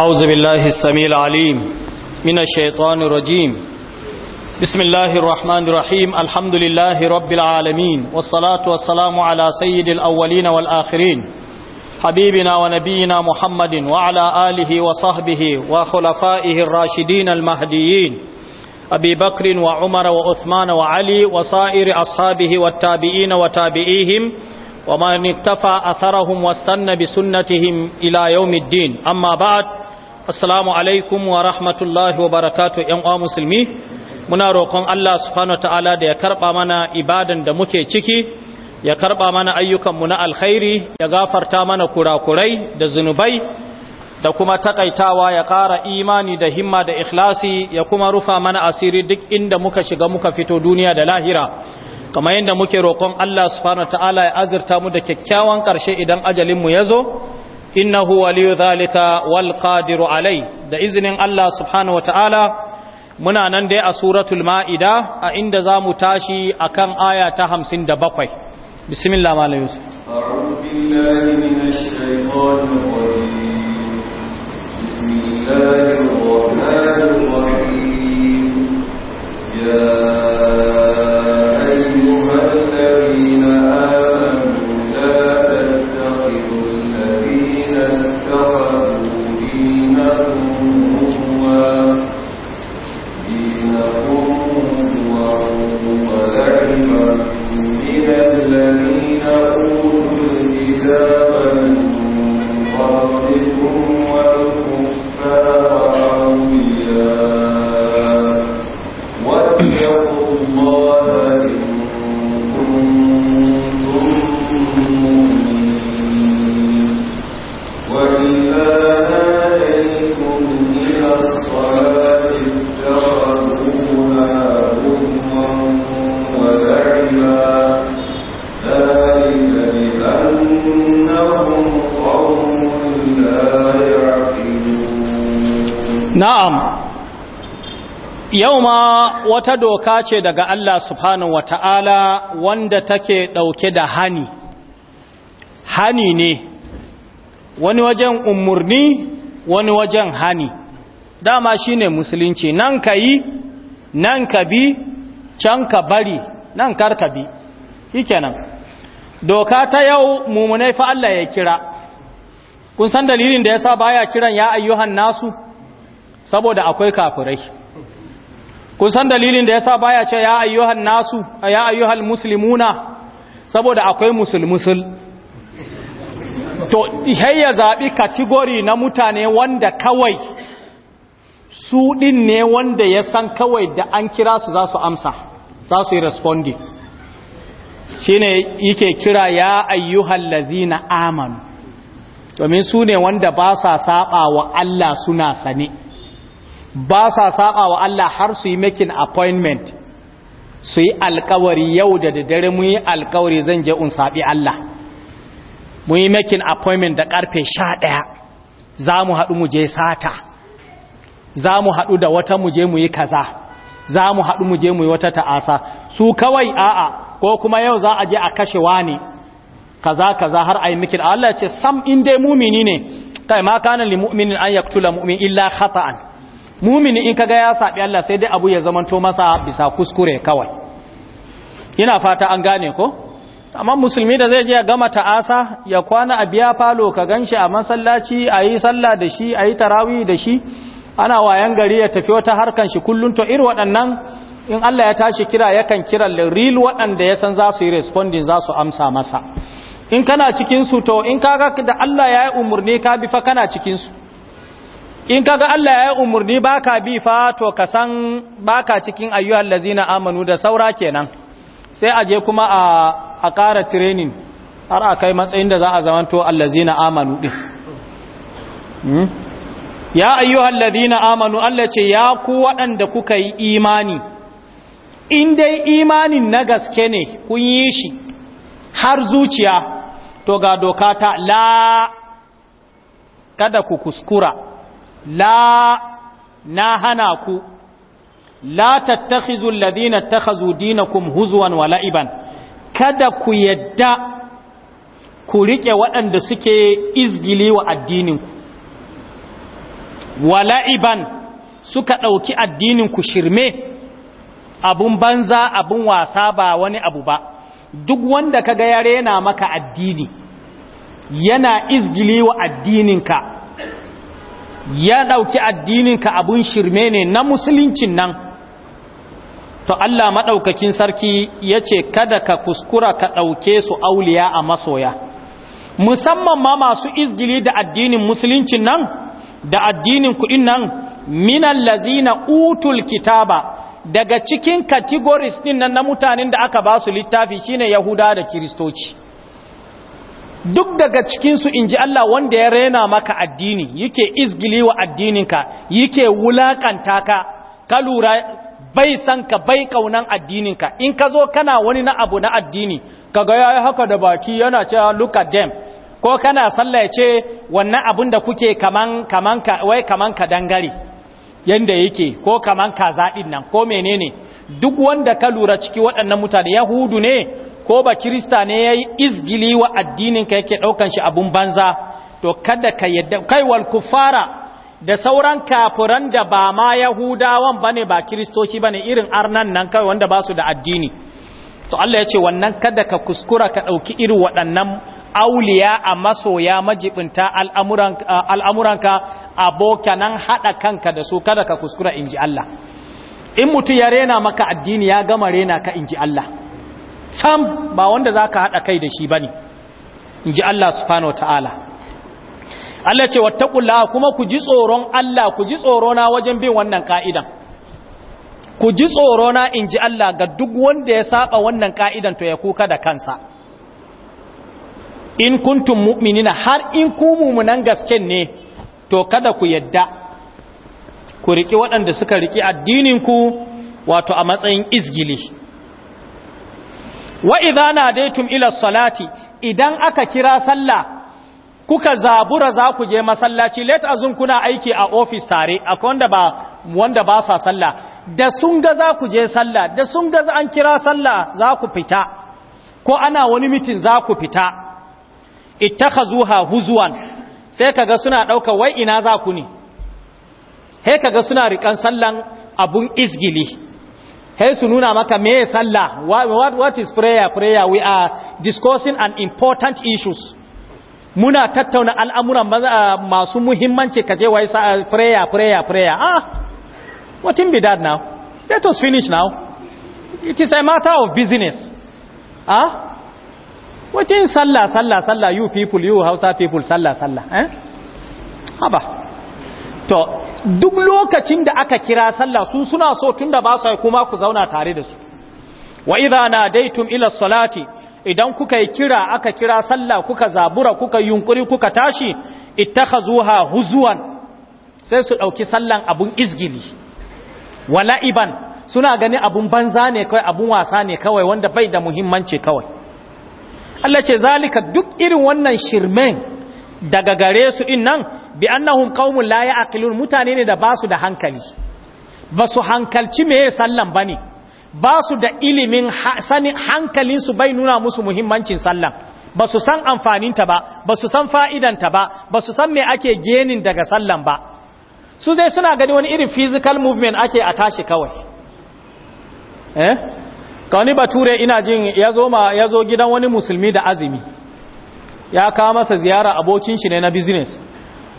أعوذ بالله السميع العليم من الشيطان الرجيم بسم الله الرحمن الرحيم الحمد لله رب العالمين والصلاة والسلام على سيد الأولين والآخرين حبيبنا ونبينا محمد وعلى آله وصحبه وخلفائه الراشدين المهديين أبي بكر وعمر وعثمان وعلي وصائر أصحابه والتابعين وتابعيهم ومن اتفى أثرهم واستنى بسنتهم إلى يوم الدين أما بعد assalamu alaikum wa rahmatullahi wa barakatu yan uwa musulmi muna roƙon Allah subhanahu ta'ala da ya karba mana ibadan da muke ciki ya karɓa mana ayyukan mu na alkhairi ya gafarta mana kurakurai da zunubai da kuma takaitawa ya ƙara imani da himma da ikhlasi ya kuma rufa mana asiri duk inda muka shiga muka fito duniya da lahira kamar yadda muke roƙon Allah subhanahu ta'ala ya azurta mu da kyakkyawan ƙarshe idan ajalin mu ya zo innahu waliyu zalika wal qadiru alai da izinin Allah subhanahu wataala muna nan dai a suratul maida a inda zamu tashi akan aya ta 57 bismillah malam yusuf a'udhu billahi minash shaitanir rajim bismillahir rahmanir rahim ya رجالا قبلكم والكفار yau ma wata doka ce daga Allah subhanahu ta'ala wanda take ɗauke da hani hani ne wani wajen umurni wani wajen hani dama shi ne musulunci nan ka yi nan ka bi can ka bari nan kar ka bi shikenan doka ta yau mummunai fa Allah ya kira kun san dalilin da yasa baya kiran ya ayyuhan nasu saboda akwai kafirai kun san dalilin da yasa baya ce ya ayyuhan nasu ya ayyuhal muslimuna saboda akwai musulmusul to ya zaɓi kategori na mutane wanda kawai su ɗin ne wanda ya san kawai da an kira su za su amsa za su yi respondi shi yake kira ya ayyuhan lazina amanu domin su ne wanda ba sa saɓa Allah suna sane ba sa saba wa Allah har su yi making appointment su yi alkawari yau da daddare mu yi alkawari zan je un saɓi Allah mu yi making appointment da karfe sha ɗaya za mu haɗu mu je sata za mu haɗu da wata mu je mu yi kaza za mu haɗu mu je mu yi wata ta'asa su kawai a'a ko kuma yau za a je a kashe wani kaza kaza har ayi mikin Allah ce sam in dai mumini ne kai ma kana lil mu'minin an yaktula mu'min illa khata'an mumini in kaga ya saɓi Allah sai dai abu ya zamanto masa bisa kuskure kawai ina fata an gane ko amma musulmi da zai je ya gama ta'asa ya kwana a biya falo ka ganshi a masallaci ayi sallah da shi ayi yi tarawi da shi ana wayan gari ya tafi wata harkan shi kullum to iri waɗannan in Allah ya tashi kira yakan kira real waɗanda ya san za su yi responding za su amsa masa in kana cikinsu to in kaga da Allah ya yi umarni ka bi fa kana cikinsu in kaga Allah ya yi umurni baka bi fa to ka san baka cikin ayyuhal lazina amanu da saura kenan sai aje kuma a a ƙara training har a kai matsayin da za a zamanto allazina amanu din hmm? ya ayyuhal lazina amanu Allah ce ya ku waɗanda kuka yi imani in dai imanin na gaske ne kun yi shi har zuciya to ga doka ta la kada ku kuskura la na hana ku la tattakhizu alladhina takhazu dinakum huzwan wa la'iban kada ku yadda ku rike waɗanda suke izgili wa addininku wa la'iban suka ɗauki addininku shirme abun banza abun wasa ba wani abu ba duk wanda kaga yare yana maka addini yana izgili wa addininka ya ɗauki addininka abun shirme ne na musuluncin nan to Allah maɗaukakin sarki ya ce kada ka kuskura ka ɗauke su auliya a masoya musamman ma masu izgili da addinin musuluncin nan da addinin kuɗin nan minan lazina utul kitaba daga cikin categories ɗin nan na mutanen da aka ba su littafi shine yahuda da kiristoci duk daga cikinsu in ji Allah wanda ya rena maka addini yake izgili wa addininka yake wulakanta ka ka lura bai san ka bai kaunan addininka in ka zo kana wani na abu na addini ka yayi haka da baki yana cewa look at them ko kana sallah ce wannan abun da kuke kaman kaman ka wai kaman ka dangare yanda yake ko kaman ka zadin nan ko menene duk wanda ka lura ciki waɗannan mutane yahudu ne ko ba kirista ne ya yi izgili wa addininka yake ɗaukan shi abun banza to kada ka yadda kaiwal kufara da sauran kafuran da ba ma yahudawan ba ne ba kiristoci ba ne irin arnan nan kawai wanda ba su da addini to Allah ya ce wannan kada ka kuskura ka ɗauki irin waɗannan auliya a masoya majibinta al'amuranka abokanan haɗa kanka da su kada ka kuskura in ji Allah in mutu ya rena maka addini ya gama rena ka in ji Allah sam ba wanda za ka haɗa kai da shi ba ne in ji Allah subhanahu wa ta'ala Allah ce wattakulla kuma ku ji tsoron Allah ku ji tsorona wajen bin wannan ka'idan ku ji tsorona in ji Allah ga duk wanda ya saba wannan ka'idan to ya kuka da kansa in kuntum mu'minina har in ku munan gasken ne to kada ku yadda ku riki waɗanda suka riki addininku wato a matsayin izgili wa idza nadaytum ila salati idan aka kira sallah kuka zabura za ku je masallaci let azun kuna aiki a ofis tare akwai wanda ba wanda ba sa sallah da sun ga za ku je sallah da sun ga an kira sallah za ku fita ko ana wani mitin za ku fita ittakhazuha huzwan sai kaga suna dauka wai ina za ku ne sai kaga suna rikan sallan abun izgili sai su nuna maka me sallah what, what is prayer prayer we are discussing an important issues muna tattauna al'amuran ah, masu muhimmanci kaje wai ah, prayer prayer prayer ah what in be that now let us finish now it is a matter of business ah what in sallah sallah sallah you people you hausa people sallah sallah eh haba to duk lokacin da aka kira sallah sun suna so tunda ba su kuma ku zauna tare da su wa idza nadaitum ila salati idan kuka yi kira aka kira sallah kuka zabura kuka yunkuri kuka tashi ittakhazuha huzuwan sai su dauki sallan abun izgili wala'iban suna gani abun banza ne kai abun wasa ne kawai wanda bai da muhimmanci kawai Allah ce zalika duk irin wannan shirmen daga gare su din nan bi annahum qaumun la ya'qilun mutane ne da basu da hankali basu su hankalci meye sallan bane basu da ilimin sanin hankalin su bai nuna musu muhimmancin sallan basu san amfanin ta ba basu san fa'idanta ba ba su san me ake genin daga sallan ba su zai suna gani wani irin physical movement ake a tashi kawai eh ka wani bature ina jin ya zo gidan wani musulmi da azumi ya kawo masa ziyara abokin shi ne na business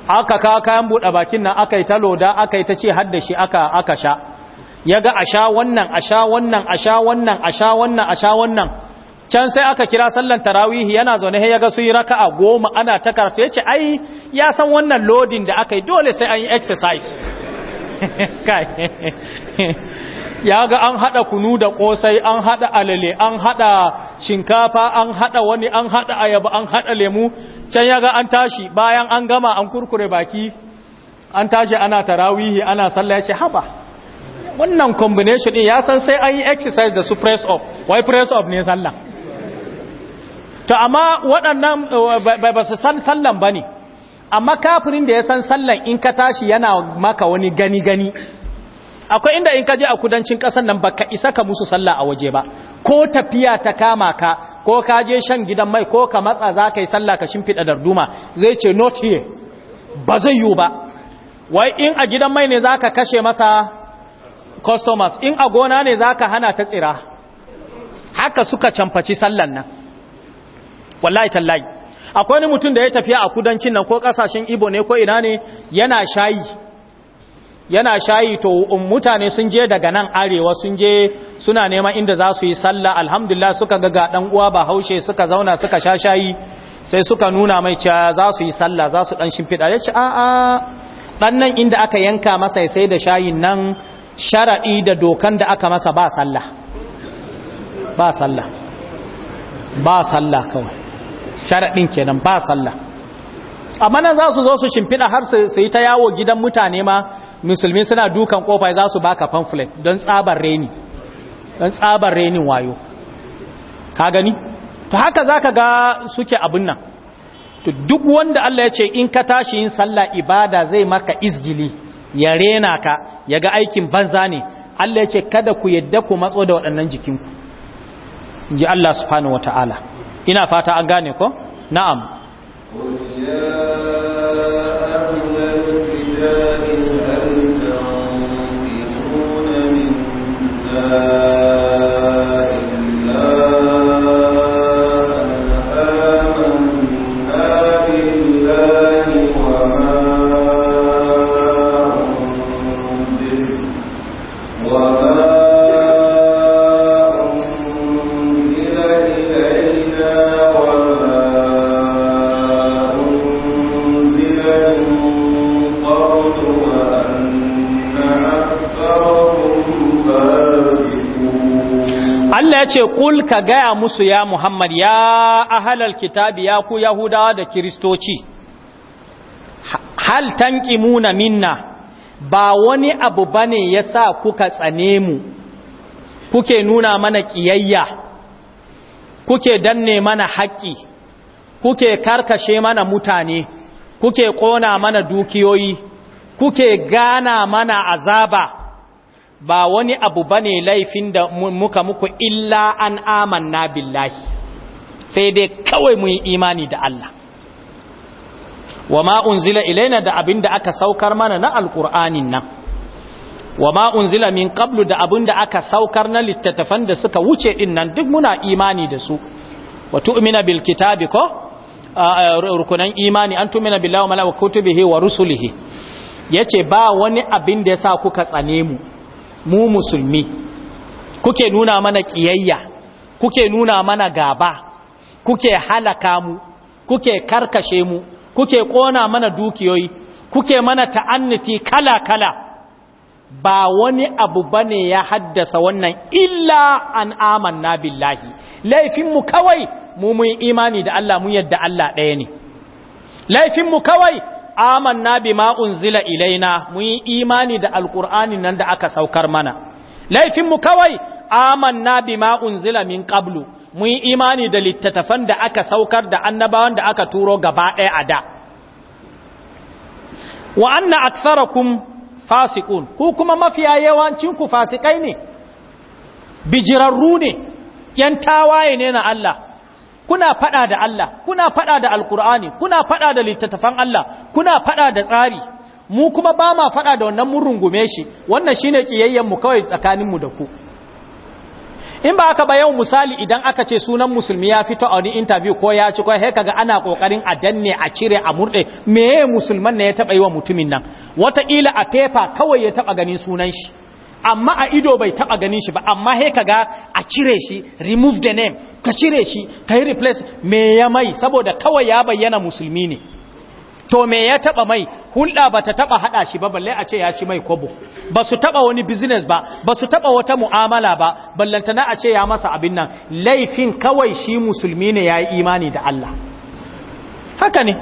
aka kawo kayan buɗe bakin nan aka yi ta loda aka yi ta ce hadda shi aka aka sha ya ga a sha wannan a sha wannan a sha wannan a sha wannan a wannan can sai aka kira sallan tarawihi yana zaune ya ga su yi raka'a goma ana ta karfe ce ai ya san wannan lodin da aka yi dole sai an yi exercise ya ga an haɗa kunu da ƙosai an haɗa alale an haɗa shinkafa an haɗa wani an haɗa ayaba an haɗa lemu can ya ga an tashi bayan an gama an kurkure baki an tashi ana tarawihi ana sallah ya ce haba wannan combination ɗin ya san sai an yi exercise da su press up wai press up ne sallah to amma waɗannan ba su san sallan ba ne amma kafirin da ya san sallan in ka tashi yana maka wani gani-gani akwai inda in ka je a kudancin kasar nan baka isa ka musu sallah a waje ba ko tafiya ta kama ka ko ka je shan gidan mai ko ka matsa za ka yi sallah ka shimfiɗa darduma zai ce not here ba zai yiwu ba wai in a gidan mai ne za ka kashe masa customers in a gona ne za ka hana ta tsira haka suka camfaci sallan nan wallahi tallahi akwai wani mutum da ya tafiya a kudancin nan ko kasashen ibo ne ko ina ne yana shayi yana shayi to um, mutane sun je daga nan arewa sun je suna nema inda za su yi sallah alhamdulillah suka ga ga dan uwa ba haushe suka zauna suka sha shayi sai suka nuna mai cewa za su yi sallah za su dan shimfida ya ce a'a dan nan inda aka yanka masa sai da shayin nan sharadi da dokan da aka masa ba sallah ba sallah ba sallah kawai sharadin kenan ba sallah amma nan za su zo su shimfida har su yi ta yawo gidan mutane ma musulmi suna dukan kofa za su baka pamphlet don tsabar reni don tsabar renin wayo ka gani to haka zaka ga suke abun nan to duk wanda Allah ya ce in ka tashi yin sallah ibada zai maka izgili ya rena ka ya ga aikin banza ne Allah ya ce kada ku yadda ku matso da waɗannan jikinku ji Allah subhanahu wata'ala ina fata an gane ko na'am قل يا أهل الكتاب 呃。ce kul ka gaya musu ya muhammad ya ahalal kitabi ya ku yahudawa da kiristoci hal tanqimuna minna ba wani abu bane yasa kuka tsane mu kuke nuna mana kiyayya kuke danne mana haƙƙi kuke karkashe mana mutane kuke ƙona mana dukiyoyi kuke gana mana azaba ba wani abu bane laifin da muka muku illa an amanna billahi sai dai kawai mu yi imani da Allah wa ma ilaina da abin da aka saukar mana na alkur'anin nan wa ma unzila min da abin da aka saukar na littattafan da suka wuce din nan duk muna imani da su wa tu'mina bil kitabi ko rukunan imani an tu'mina billahi wa malaikatihi wa rusulihi yace ba wani abin da yasa kuka tsane mu mu musulmi kuke nuna mana kiyayya kuke nuna mana gaba kuke halaka mu kuke karkashe mu kuke ƙona mana dukiyoyi kuke mana ta'annati kala-kala ba wani abu bane ya haddasa wannan illa an amanna billahi laifinmu kawai mu mun imani da Allah mun yadda Allah ɗaya ne laifinmu kawai amanna bima unzila ilaina mun yi imani da alqur'ani nan da aka saukar mana laifin mu kawai amanna bima unzila min qablu mun yi imani da littattafan da aka saukar da annabawan da aka turo gaba ɗaya a da wa anna aktharakum fasiqun ku kuma mafiya yawancin fasikai ne bijirarru ne yan tawaye ne na Allah kuna fada da Allah kuna fada da alkur'ani kuna fada da littattafan Allah kuna fada da tsari mu kuma ba ma fada da wannan mun rungume shi wannan shine kiyayyen mu kawai tsakanin mu da ku in ba aka ba yau misali idan aka ce sunan musulmi ya fito a wani interview ko ya ci ko he kaga ana kokarin a danne a cire a murde meye musulman ne ya taba yi wa mutumin nan wataƙila a pepa kawai ya taba ganin sunan shi amma a ido bai taba ganin shi ba amma he kaga a cire shi remove the name ka cire shi ka yi replace me ya mai saboda kawai ya bayyana musulmi ne to me ya taba mai hulɗa ba ta taba hada shi ba balle a ce ya ci mai kobo ba su taba wani business ba ba su taba wata mu'amala ba ballantana a ce ya masa abin nan laifin kawai shi musulmi ne ya yi imani da Allah haka ne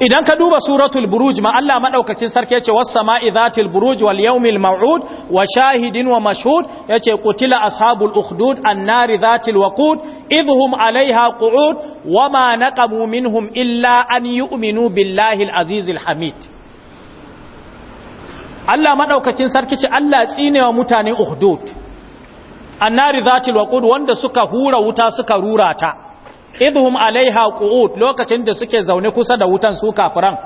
idan ka duba suratul buruj ma Allah madaukakin sarki yace was sama'i zatil buruj wal yawmil maw'ud wa shahidin wa mashhud yace qutila ashabul ukhdud annari zatil waqud idhum 'alayha qu'ud wama naqamu minhum illa an yu'minu billahi al azizil hamid Allah madaukakin sarki ce Allah tsinewa mutane ukhdud annari zatil waqud wanda suka hura wuta suka rurata idhum alaiha qu'ud lokacin da suke zaune kusa da wutan su kafiran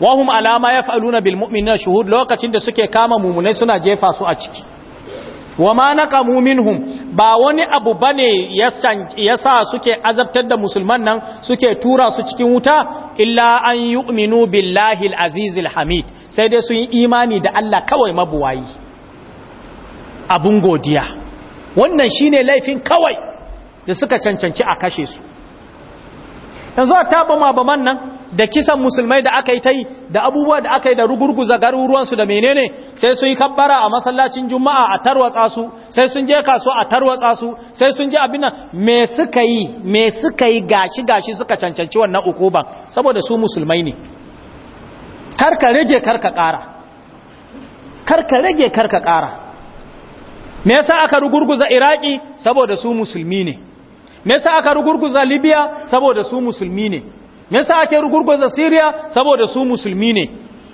wahum alama yaf'aluna bil mu'minina shuhud lokacin da suke kama mumunai suna jefa su a ciki wama naqamu minhum ba wani abu bane yasa suke azabtar da musulman nan suke tura su cikin wuta illa an yu'minu billahi al-azizil hamid sai dai sun yi imani da Allah kawai mabuwayi abun godiya wannan shine laifin kawai da suka cancanci a kashe su yanzu a taɓa mabaman nan da kisan musulmai da aka yi ta yi da abubuwa da aka yi da rugurguza garuruwansu da menene sai sun yi kabbara a masallacin juma'a a tarwatsa su sai sun je kaso a tarwatsa su sai sun je abin nan me suka yi me suka yi gashi gashi suka cancanci wannan ukuban saboda su musulmai ne karka rage karka ƙara karka rage karka kara me yasa aka rugurguza iraki saboda su musulmi ne me yasa aka rugurguza libya saboda su musulmi ne me yasa ake rugurguza syria saboda su musulmi ne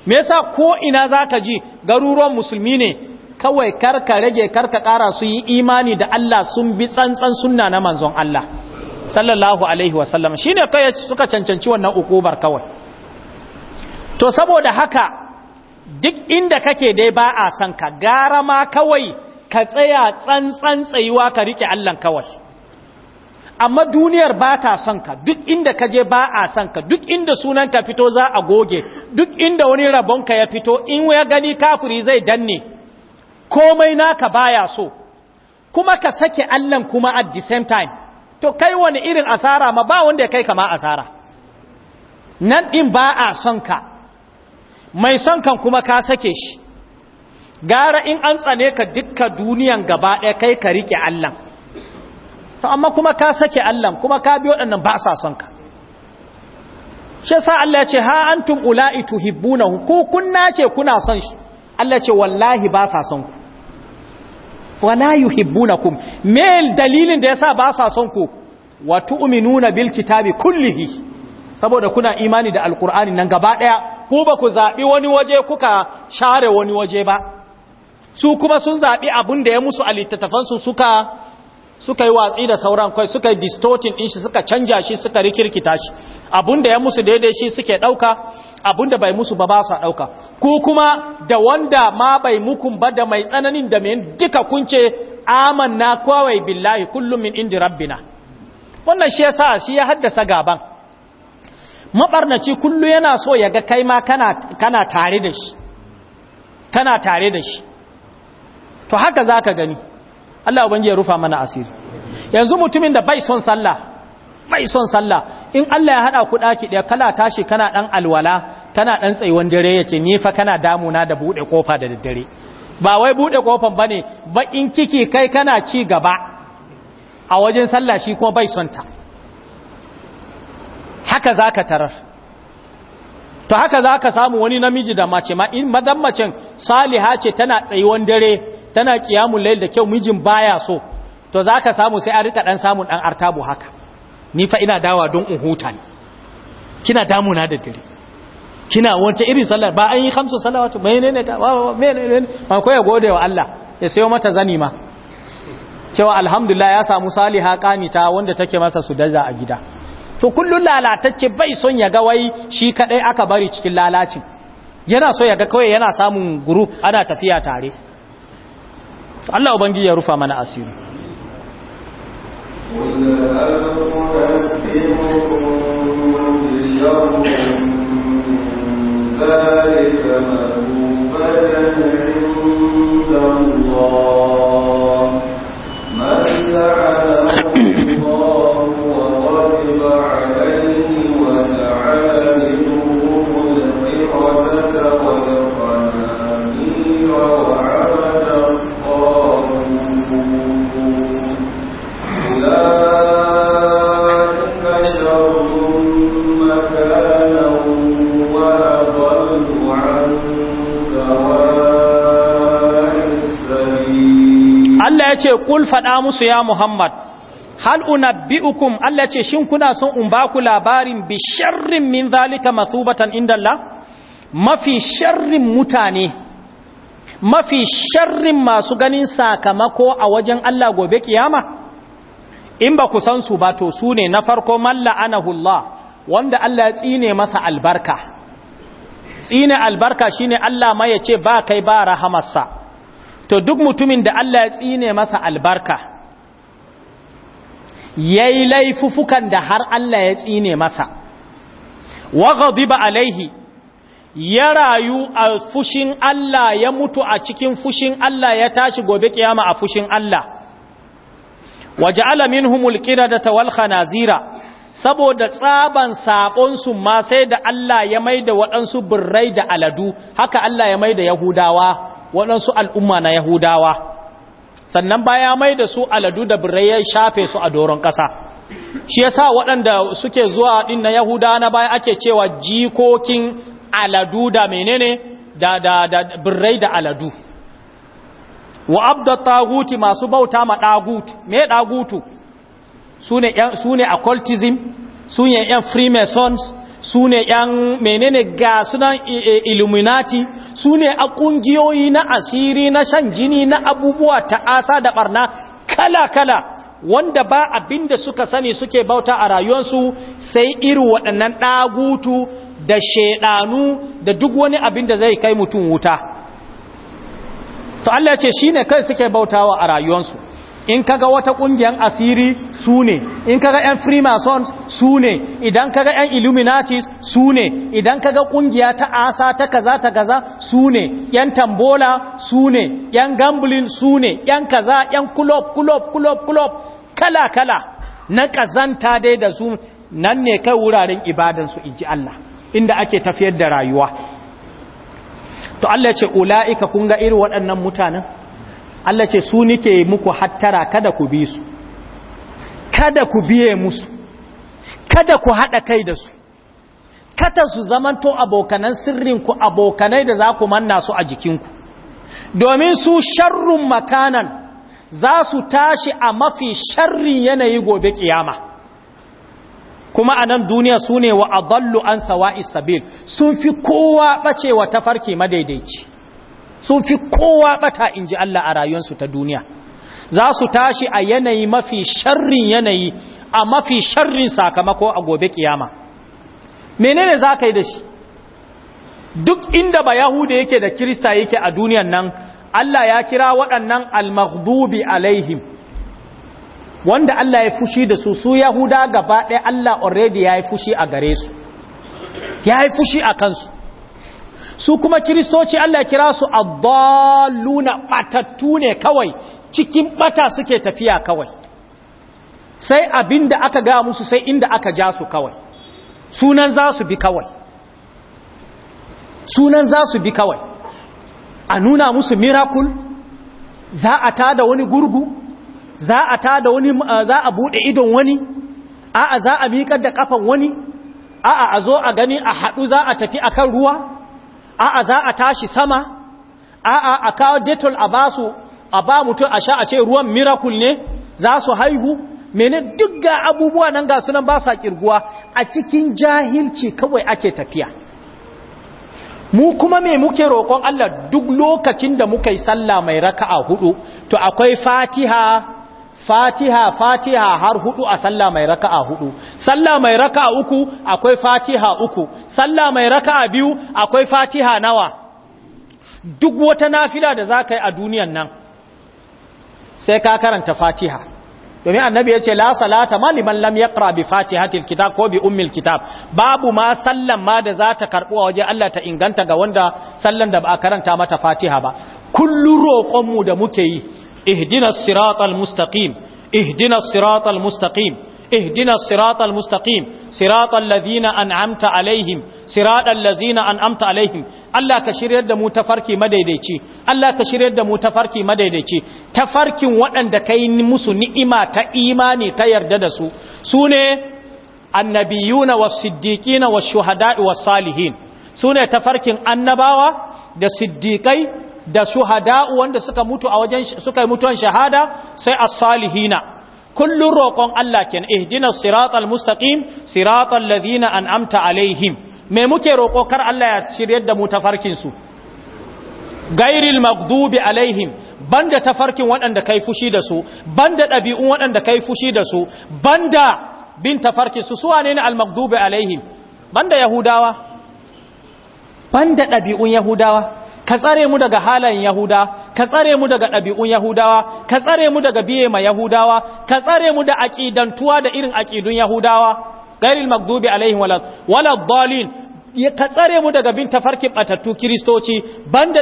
me yasa ko ina zaka ji garuruwan musulmi ne kawai karka rage karka kara su yi imani da Allah sun bi tsantsan sunna na manzon Allah sallallahu alaihi wasallam shine kai suka cancanci wannan ukubar kawai to saboda haka duk inda kake dai ba a san ka gara ma kawai ka tsaya tsantsan tsayuwa ka rike Allah kawai amma duniyar ba ta son ka duk inda ka je ba a son ka duk inda sunan ka fito za a goge duk inda wani rabon ka ya fito in ya gani kafiri zai danne komai naka baya so kuma ka sake allan kuma at the same time to kai wani irin asara ma ba wanda ya kai kama asara nan din ba a son ka mai son kan kuma ka sake shi gara in an tsane ka dukkan duniyan gaba ɗaya kai ka rike allan to amma kuma ka sake Allah kuma ka bi waɗannan ba sa son ka shi sa Allah ce ha antum ula'i tuhibbunahum ku? kunna ce kuna son shi Allah ce wallahi ba sa son ku la yuhibbunakum me dalilin da yasa ba sa son ku wa tu'minuna bil kitabi kullihi saboda kuna imani da alqur'ani nan gaba daya ko ba ku zabi wani waje kuka share wani waje ba su kuma sun zabi abun da ya musu a littattafansu suka suka yi watsi da sauran kai suka yi distortin din shi suka canja shi suka rikirkita shi abinda ya musu daidai shi suke dauka abinda bai musu ba ba su dauka ku kuma da wanda ma bai muku ba da mai tsananin da mai duka kunce amanna kawai billahi kullum min indi rabbina wannan shi yasa shi ya haddasa gaban mabarnaci kullu yana so ya ga kai ma kana kana tare da shi kana tare da shi to haka zaka gani Allah ubangiji ya rufa mana asiri yanzu mutumin da bai son sallah bai son sallah in Allah ya hada ku daki daya kala tashi kana dan alwala kana dan tsaiwan dare yace ni fa kana damuna da bude kofa da daddare ba wai bude kofan bane ba in kike kai kana ci gaba a wajen sallah shi kuma bai son ta haka zaka tarar to haka zaka samu wani namiji da mace ma in madan macen saliha ce tana tsaiwan dare tana kiyamun lail da kyau mijin baya so to za ka samu sai a rika ɗan samun ɗan artabu haka ni fa ina dawa don in huta ne kina damuna da dare kina wance irin sallar ba an yi kamsu salawatu mai ne ne ta mai ko ya gode wa Allah ya sayo mata zani ma cewa alhamdulillah ya samu saliha ta wanda take masa su sudaja a gida to kullun lalatacce bai son ya ga wai shi kadai aka bari cikin lalacin yana so ya ga kawai yana samun group ana tafiya tare Allah ubangiji ya rufa mana asiri ذلك مذوبة عند الله ce kul faɗa musu ya Muhammad hal unabbi'ukum Allah ce shin kuna son in ba ku labarin bi sharrin min zalika masubatan indallah mafi sharrin mutane mafi sharrin masu ganin sakamako a wajen Allah gobe kiyama in ba ku san su ba to su ne na farko man la'anahu wanda Allah ya tsine masa albarka tsine albarka shine Allah ma ya ce ba kai ba rahamarsa to duk mutumin da Allah ya tsine masa albarka yayi laifufukan da har Allah ya tsine masa wa ghadiba alaihi ya rayu a fushin Allah ya mutu a cikin fushin Allah ya tashi gobe kiyama a fushin Allah waje alamin humulkira da tawalha nazira saboda tsaban su ma sai da Allah ya maida waɗansu birrai da aladu haka Allah ya maida yahudawa waɗansu al'umma na yahudawa sannan baya mai da su aladu da birrai ya shafe su a doron ƙasa shi ya sa waɗanda suke zuwa ɗin na Yahudawa na baya ake cewa jikokin aladu da menene da da da birrai da aladu wa abda taguti masu bauta ma ɗagutu, me Su sune a cultism? Su ne yan freemasons su ne ‘yan menene ga sunan illuminati su ne a ƙungiyoyi na asiri na shan jini na abubuwa ta ta'asa da ɓarna kala-kala wanda ba abin da suka sani suke bauta a rayuwarsu sai iri waɗannan ɗagutu da shaɗanu da duk wani abin da zai kai mutum wuta to Allah ce shi ne kai suke bautawa a rayuwarsu in kaga wata ƙungiyar asiri su ne in kaga 'yan freemasons su ne idan kaga 'yan illuminatis su ne idan kaga ƙungiya ta asa ta kaza ta kaza su ne 'yan tambola su ne 'yan gambling su ne 'yan kaza 'yan kulob kulob kulob club kala kala na kazanta dai da su nan ne kai wuraren ibadansu in ji Allah inda ake tafiyar da rayuwa to Allah ya ce ula'ika kun ga irin waɗannan mutanen Allah ce su nike muku hattara kada ku bi su kada ku biye musu kada ku haɗa kai da su kada su zamanto abokanan ku abokanai da za ku manna su a jikin ku. domin su sharrun makanan za su tashi a mafi sharrin yanayi gobe kiyama kuma a nan duniya sune ne wa adallu an sawa'i sabil sun fi kowa ɓacewa tafarki madaidaici sun fi kowa bata in ji Allah a rayuwarsu ta duniya za su tashi a yanayi mafi sharrin yanayi a mafi sharrin sakamako a gobe kiyama menene za ka yi da shi duk inda ba yahuda yake da kirista yake a duniyan nan Allah ya kira waɗannan almaghdubi alaihim wanda Allah ya fushi da su su yahuda gaba ɗaya Allah already ya yi fushi a gare su ya yi fushi a kansu su kuma kiristoci Allah kira su addalluna batattu ne kawai cikin bata suke tafiya kawai sai abinda aka ga musu sai inda aka ja su kawai sunan za su bi kawai sunan za su bi kawai a nuna musu miracle za a ta da wani gurgu za a da wani za a bude idon wani a'a za a miƙar da kafan wani a'a a zo a gani a haɗu za a tafi akan ruwa a'a za a tashi sama a'a a kawo detol a ba su a ba mutum a sha a ce ruwan miracle ne za su haihu mene duk ga abubuwa nan ga sunan ba sa kirguwa a cikin jahilci kawai ake tafiya mu kuma me muke roƙon Allah duk lokacin da muka yi sallah mai raka'a hudu to akwai fatiha fatiha fatiha har hudu a sallah mai raka'a hudu sallah mai raka'a uku akwai fatiha uku sallah mai raka'a biyu akwai fatiha nawa duk wata nafila da za ka yi a duniyan nan sai ka karanta fatiha domin annabi ya ce la salata ma liman lam yaqra bi fatihatil kitab ko bi ummil kitab babu ma sallan ma da zata ta karbu a waje Allah ta inganta ga wanda sallan da ba karanta mata fatiha ba kullu roƙonmu da muke yi اهدنا الصراط المستقيم اهدنا الصراط المستقيم اهدنا الصراط المستقيم صراط الذين انعمت عليهم صراط الذين انعمت عليهم الله تشريد madaidaici Allah ta shiryar da mu tafarki madaidaici tafarkin waɗanda kai musu ni'ima ta imani ta yarda da su sune annabiyuna wasiddiqina washuhada'i wasalihin sune tafarkin annabawa da siddiqai da shuhada'u wanda suka mutu a wajen suka mutuwan shahada sai as-salihina kullun roƙon Allah ken Ihdina siratal mustaqim siratal ladina an'amta alaihim me muke roƙo kar Allah ya shiryar da mu tafarkin su gairil maghdubi alaihim banda tafarkin waɗanda kai fushi da su banda ɗabi'un waɗanda kai fushi da su banda bin tafarkin su su wane ne al-maghdubi alaihim banda yahudawa banda ɗabi'un yahudawa ka tsare mu daga halayen yahuda ka tsare mu daga ɗabi'un yahudawa ka tsare mu daga biye ma yahudawa ka tsare mu da aƙidantuwa da irin aƙidun yahudawa gairil magdubi alaihim Walad dalin ka tsare mu daga bin tafarkin batattu kiristoci banda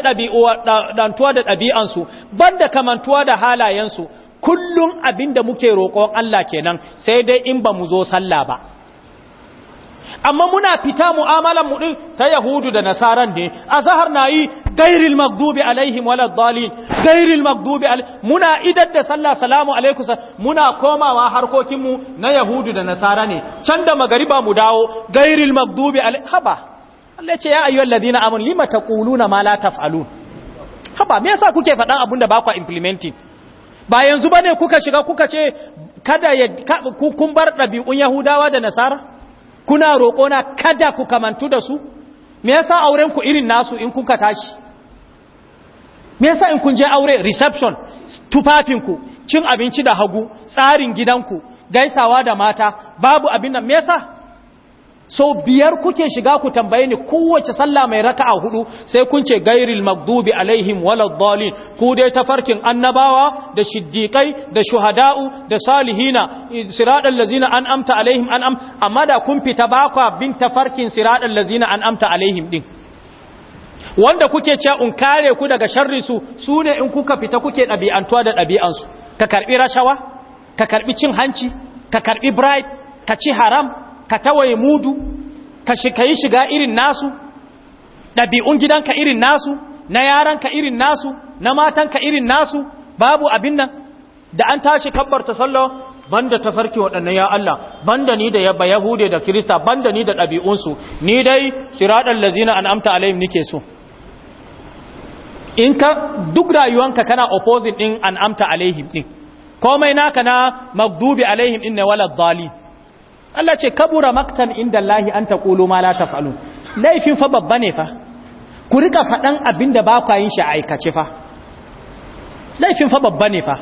ɗantuwa da ɗabi'ansu banda kamantuwa da halayensu kullum abinda muke roƙon Allah kenan sai dai in ba mu zo sallah ba amma muna fita mu'amalan mu din ta yahudu da nasaran ne azhar nayi gairil maghdubi alaihim walad dalin gairil maghdubi muna idan da sallah salamu alaikum muna komawa harkokin mu na yahudu da nasara ne can da magariba mu dawo gairil maghdubi haba Allah ce ya ayyuhal ladina amanu lima taquluna ma la taf'alun haba me yasa kuke faɗan abin da ba ku implementing ba yanzu bane kuka shiga kuka ce kada ya kun bar ɗabi'un yahudawa da nasara kuna roƙona kada ku kamantu da su me yasa auren ku irin nasu in kun ka tashi me yasa in kun je aure reception tufafinku cin abinci da hagu tsarin gidanku gaisawa da mata babu abin nan me yasa so biyar kuke shiga ku tambaye ni kowace sallah mai raka'a hudu sai kun ce gairil maghdubi alaihim waladdallin ku dai tafarkin annabawa da shiddiqai da shuhada'u da salihina siratal ladzina an'amta alaihim an'am amma da kun fita bakwa bin tafarkin siratal ladzina an'amta alaihim din wanda kuke cewa in kare ku daga sharri su sune in kuka fita kuke dabi'antuwa da dabi'ansu ka karbi rashawa ka karbi cin hanci ka karbi bribe ka ci haram ka tawaye mudu ka yi shiga irin nasu ɗabi'un gidanka irin nasu na yaranka irin nasu na matanka irin nasu babu abin nan da an tashi kabbarta sallah banda tafarki waɗannan ya Allah banda ni da yabba yahude da kirista banda ni da ɗabi'unsu ni dai siraɗar lazina an amta alayhim nike so in ka duk rayuwanka kana opposing ɗin an amta alayhim ɗin komai naka na magdubi ɗin ne wala bali. Allah ce kabura maktan inda Allahi an ta ƙulu ma la taf'alun laifin fa babba ne fa ku rika faɗan abinda ba shi a aikace fa laifin fa babba ne fa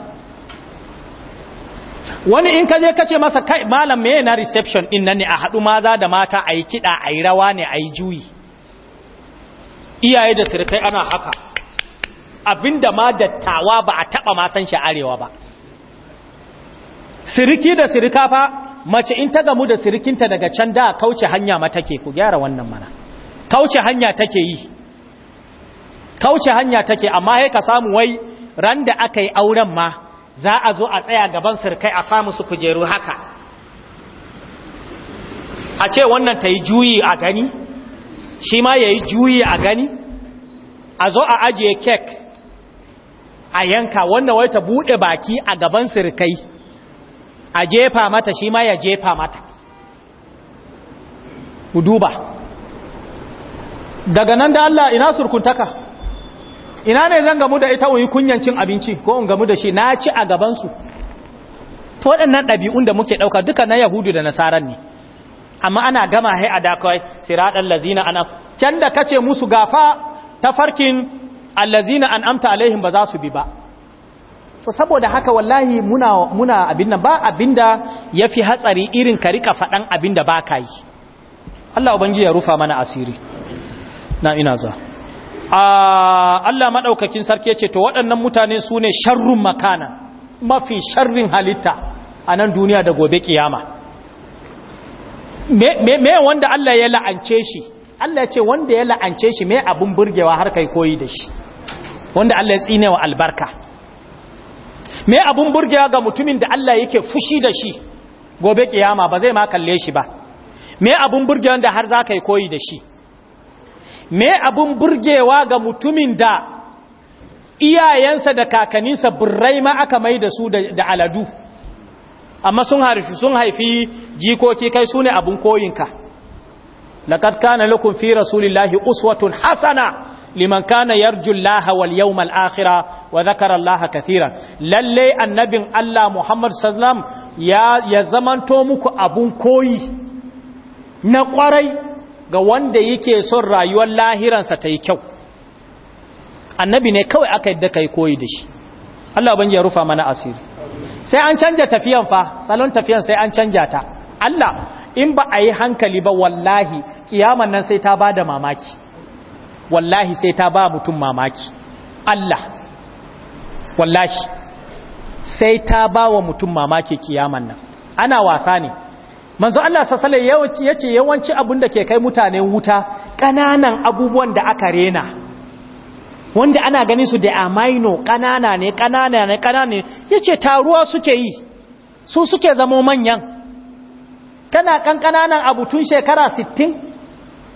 wani in kaje ce masa kai malam me na reception din nan ne a haɗu maza da mata a ayi kida yi rawa ne a yi juyi iyaye da sirkai ana haka abinda ma dattawa ba a taɓa ma san shi arewa ba siriki da sirika fa mace in ta gamu da sirikinta daga can da kauce hanya ma take ku gyara wannan mana kauce hanya take yi kauce hanya take amma sai ka samu wai ran da aka yi auren ma za a zo a tsaya gaban sirkai a samu su kujeru haka a ce wannan ta yi juyi a gani shi ma ya yi juyi a gani a zo a ajiye kek a yanka wannan wai ta buɗe baki a gaban sirkai a jefa mata shi ma ya jefa mata ku duba daga nan da Allah ina surkuntaka ina ne zan gamu da ita wuyi kunyan cin abinci ko in gamu da shi na ci a gabansu to waɗannan ɗabi'un da muke ɗauka duka na yahudu da nasara ne amma ana gama hai a dakawai siraɗar lazina ana can da kace musu gafa ta farkin allazina an amta alaihim ba za su bi ba to saboda haka wallahi muna muna abin nan ba abinda yafi hatsari irin ka rika fadan abinda ba ka yi Allah ubangiji ya rufa mana asiri na ina za Allah madaukakin sarki yace to waɗannan mutane sune sharrun makana mafi sharrin halitta a nan duniya da gobe kiyama me me wanda Allah ya la'ance shi Allah ya ce wanda ya la'ance shi me abun burgewa har kai koyi da shi wanda Allah ya tsinewa albarka me abun burgewa ga mutumin da Allah yake fushi da shi gobe kiyama ba zai ma kalle shi ba me abun burgewa da har za ka yi koyi da shi me abun burgewa ga mutumin da iyayensa da kakaninsa burrai ma aka mai da su da aladu amma sun haifi sun haifi jikoki kai su ne abun koyinka laqad kana lakum fi rasulillahi uswatun hasana liman kana yarju Allah wal yawmal akhira wa dhakara Allah katiran. lalle annabin Allah Muhammad sallam ya ya zamanto muku abun koyi na kwarai ga wanda yake son rayuwar lahiransa ta yi kyau annabi ne kawai aka yadda kai koyi da shi Allah ban ya rufa mana asiri sai an canja tafiyan fa salon tafiyan sai an canja ta Allah in ba a yi hankali ba wallahi kiyaman nan sai ta bada mamaki wallahi sai ta ba mutum mamaki Allah wallahi sai ta ba wa mutum mamaki kiyaman nan ana wasa ne manzo Allah sassale yace yawanci abun da ke kai mutane wuta Kananan abubuwan da aka rena wanda ana ganin su da amaino ƙanana ne ƙanana ne ƙanana ne yace taruwa suke yi su suke zamo manyan kana ƙanƙananan abu tun shekara sittin?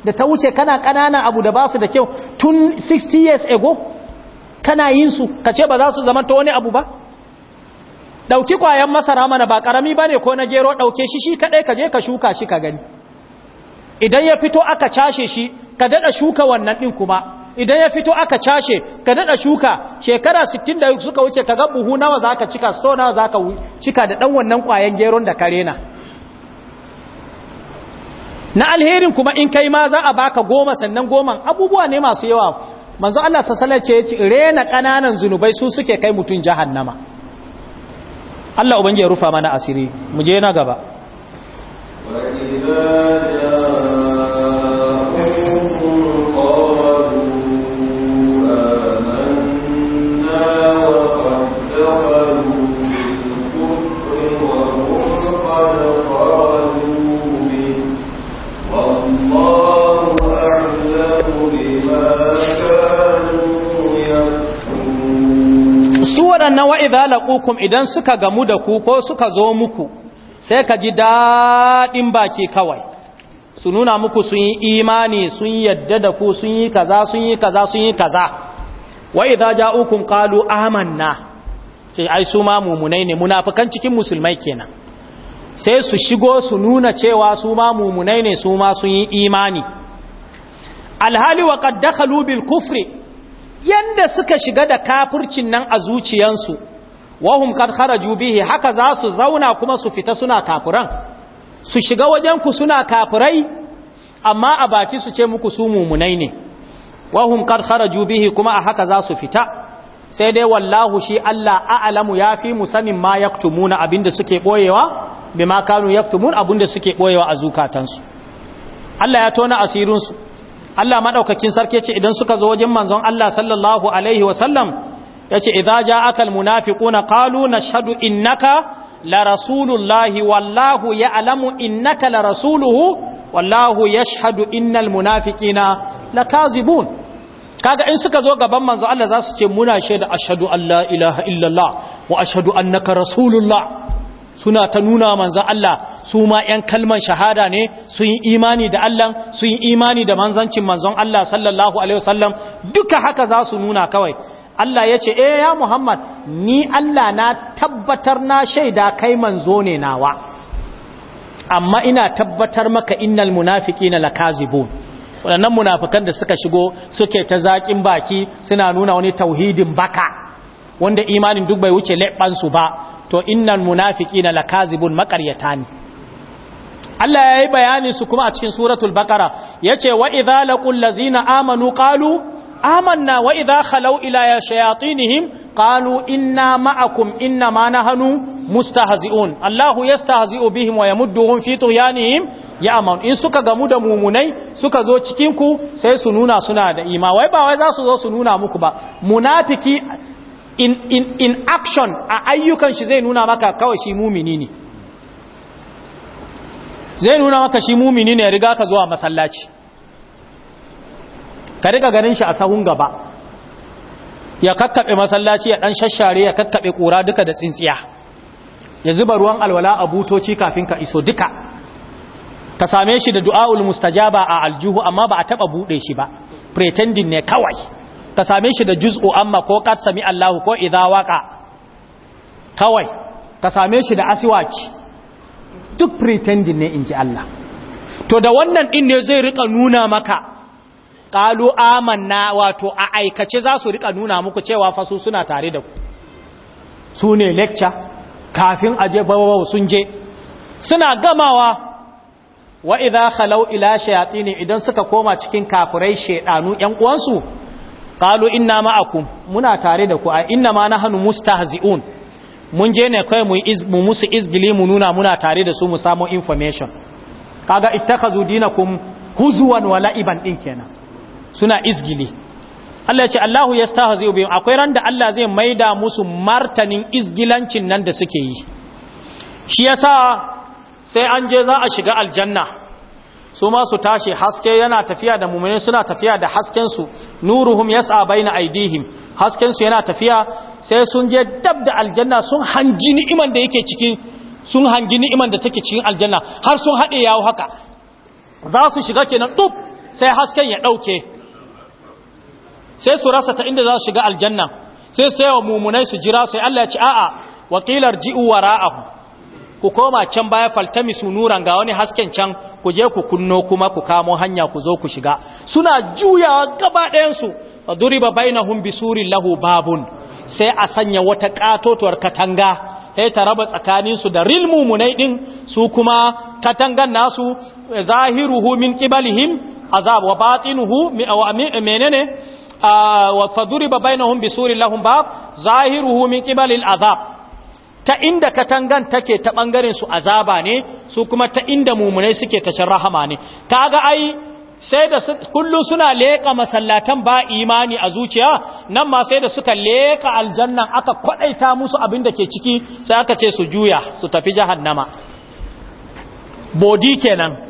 da ta wuce kana kanana abu da basu da kyau tun 60 years ago kana yin su ka ce ba za su zama ta wani abu ba ɗauki kwayan masara mana ba ƙarami ba ne ko na gero ɗauke shi shi kaɗai ka je ka shuka shi ka gani idan ya fito aka cashe shi ka daɗa shuka wannan ɗin kuma idan ya fito aka cashe ka daɗa shuka shekara 60 da suka wuce ka ga buhu nawa za ka cika so nawa za ka cika da ɗan wannan kwayan geron da ka karena na alherin kuma in kai ma za a baka goma sannan goma abubuwa ne masu yawa manzo Allah ya ce rena kananan zunubai su suke kai mutum jahannama Allah ubangi ya rufa mana asiri mu je na gaba Na wa'iza idza idan suka gamu da ku ko suka zo muku sai ka ji daɗin baki kawai su nuna muku sun yi imani sun yadda da ku sun yi kaza sun yi kaza sun yi kaza Wa'iza ja ukun ƙalu amanna ce ai su ma mummunai ne munafikan cikin musulmai kenan sai su shigo su nuna cewa su ma mumunai ne su ma sun yi imani alhali wa qad dakhalu bil kufri yanda suka shiga da kafircin nan a zuciyansu wahum kad kharaju bihi haka za su zauna kuma su fita suna kafiran su shiga wajen ku suna kafirai amma a baki su ce muku su mumunai ne wahum kad kharaju bihi kuma a haka za su fita sai dai wallahu shi Allah a'lamu yafi sanin ma yaktumuna abinda suke boyewa bima kanu yaktumun abinda suke boyewa a zukatansu Allah ya tona asirinsu Allah maɗaukakin sarki ce idan suka zo wajen manzon Allah sallallahu alaihi wasallam yace idza ja'aka almunafiquna qalu nashhadu innaka la rasulullahi wallahu ya'lamu innaka la rasuluhu wallahu yashhadu innal la Kazibun. kaga in suka zo gaban manzo Allah za su ce muna shaida a an Allah ilaha illallah wa ashhadu annaka rasulullah suna ta nuna manzo Allah su ma 'yan kalman shahada ne sun yi imani da Allah sun yi imani da manzancin manzon Allah sallallahu alaihi wasallam duka haka za su nuna kawai Allah ya ce eh ya Muhammad ni Allah na tabbatar na shaida kai manzo ne nawa amma ina tabbatar maka innal na lakazibun waɗannan munafikan da suka shigo suke ta zaƙin baki suna nuna wani tauhidin baka wanda imanin duk bai wuce leɓansu ba to innan munafiki na lakazibun maƙaryata ne Allah ya yi bayanin su kuma a cikin suratul ya yace wa idza laqul ladzina amanu qalu amanna wa idza halau ila shayatinihim qalu inna ma'akum inna ma hannu mustahazi'un Allahu yastahzi'u bihim wa yamudduhum fi ya ya'mun in suka gamu da mumunai suka zo cikin ku sai su nuna suna da ima wai ba wai za su zo su nuna muku ba munafiki in in in action a ayyukan shi zai nuna maka kawai shi mumini ne zai nuna maka shi mumini ne riga ka zuwa masallaci ka riga ganin shi a sahun gaba ya kakkaɓe masallaci ya ɗan shashare ya kakkaɓe kura duka da tsintsiya ya zuba ruwan alwala a butoci kafin ka iso duka ka same shi da du'a'ul mustajaba a aljihu amma ba a taɓa buɗe shi ba pretending ne kawai ka same shi da juz'u amma ko kasami Allahu ko idza waqa kawai ka same shi da asiwaci. duk pretending ne in ji Allah to da wannan din ne zai rika nuna maka qalu amanna wato a aikace za su rika nuna muku cewa fa suna tare da ku su ne lecture kafin aje bawa sun je suna gamawa wa idha khalau ila shayatini idan suka koma cikin kafirai shedanu yan uwansu qalu inna ma'akum muna tare da ku a inna ma nahnu mustahzi'un mun je ne kai mu musu izgili mu nuna muna tare da su mu samu information kaga ittakhadhu dinakum huzuwan wa la'iban din kenan suna izgili Allah ya ce Allahu yastahzi'u bihim akwai ran da Allah zai maida musu martanin izgilancin nan da suke yi shi yasa sai an je za a shiga aljanna su ma su tashi haske yana tafiya da mummuni suna tafiya da haskensu nuruhum yas'a baina aidihim haskensu yana tafiya sai sun je dab da aljanna sun hangi ni'iman da yake cikin sun hangi ni'iman da take cikin aljanna har sun haɗe yawo haka za su shiga kenan duk sai hasken ya ɗauke sai su rasa ta inda za su shiga aljanna sai sai wa mummunai su jira sai Allah ya ci a'a wakilar ji'u wara'ahu ku koma can baya faltamisu nuran ga wani hasken can ku je ku kunno kuma ku kamo hanya ku zo ku shiga suna juyawa gaba ɗayansu a duriba bainahum suri lahu babun sai a sanya wata katotuwar katanga sai ta raba tsakaninsu da ril mummunai ɗin su kuma katangan nasu zahiruhu min ƙibalihim azab wa batinuhu menene ah, wa faduriba bainahum bisurin lahum bab zahiruhu min ƙibalil azab ta inda katangan take ta bangaren su azaba ne su kuma ta inda mumunai suke ta rahama ne kaga ai sai da kullu suna leka masallatan ba imani a zuciya nan ma sai da suka leka aljanna aka kwadaita musu abin da ke ciki sai aka ce su juya su tafi jahannama bodi kenan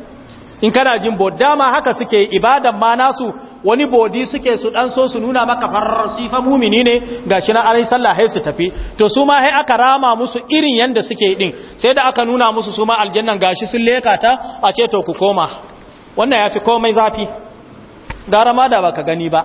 in kana jin bodda ma haka suke ibadan ma nasu wani bodi suke su dan so su nuna maka farar sifa mumini ne gashi na alai sallah hai su tafi to su ma hai aka rama musu irin yanda suke din sai da aka nuna musu su ma aljannan gashi sun lekata ta a ce to ku koma wannan yafi komai zafi gara ma da baka gani ba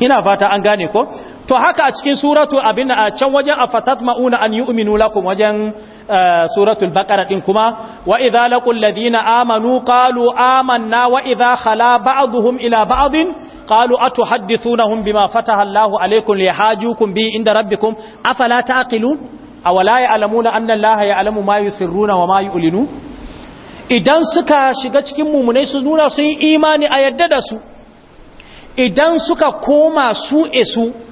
ina fata an gane ko to haka a cikin suratu abin a can wajen afatat mauna an yu'minu lakum wajen eh, suratul bakara din kuma wa idza laqul ladina amanu qalu amanna wa idza khala ba'dhum ila ba'dhin qalu atuhaddithunahum bima fataha Allahu alaykum lihajukum bi inda rabbikum afala taqilun awala ya'lamuna anna Allaha ya'lamu ma yusirruna wa ma yu'linu idan suka shiga cikin mumunai su nuna sun imani a yadda da su idan suka koma su esu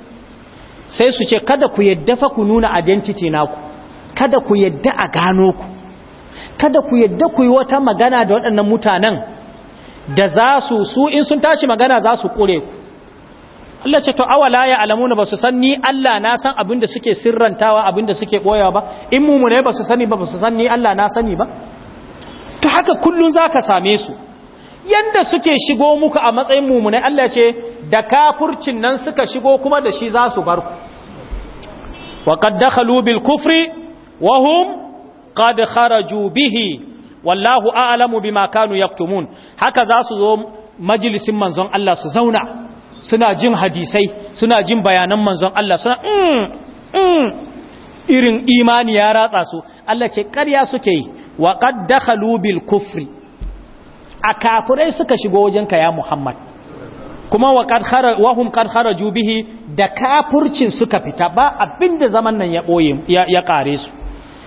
sai su ce kada ku yadda fa ku nuna identity naku kada ku yadda a gano ku kada ku yadda ku yi wata magana da waɗannan mutanen da za su su in sun tashi magana za su ƙure ku Allah ce to awala ya alamuna ba su san ni Allah na san abin da suke sirrantawa abin da suke ɓoyawa ba in mummune ba su sani ba ba su san ni Allah na sani ba to haka kullum za ka same su yanda suke shigo muku a matsayin mummunai Allah ce da kafurcin nan suka shigo kuma da shi za su bar ku wa qad bil kufri wa hum qad kharaju bihi wallahu a'lamu bima kanu yaktumun haka za su zo majalisin manzon Allah su zauna suna jin hadisai suna jin bayanan manzon Allah suna mm, mm, irin imani ya ratsa su Allah ce ƙarya suke yi wa qad bil kufri a kafirai suka shigo wajenka ya Muhammad kuma wahum kad jubihi da kafurcin suka fita ba abinda zaman nan ya boye ya kare su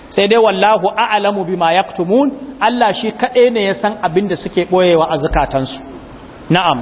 sai dai wallahu a'lamu bima yaktumun Allah shi kadai ne ya san abinda suke boyewa a zukatansu na'am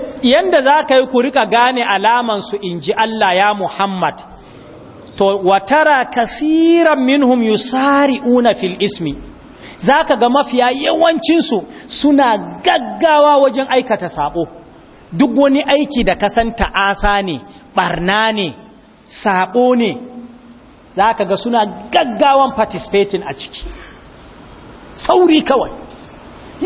yanda za ka yi ku rika gane alamansu in ji Allah ya Muhammad to watara kasiran minhum una fil ismi za ka ga mafiya yawancinsu suna gaggawa wajen aikata sabo duk wani aiki da kasan ta'asa ne barna ne sabo ne za ka ga suna gaggawan participating a ciki sauri kawai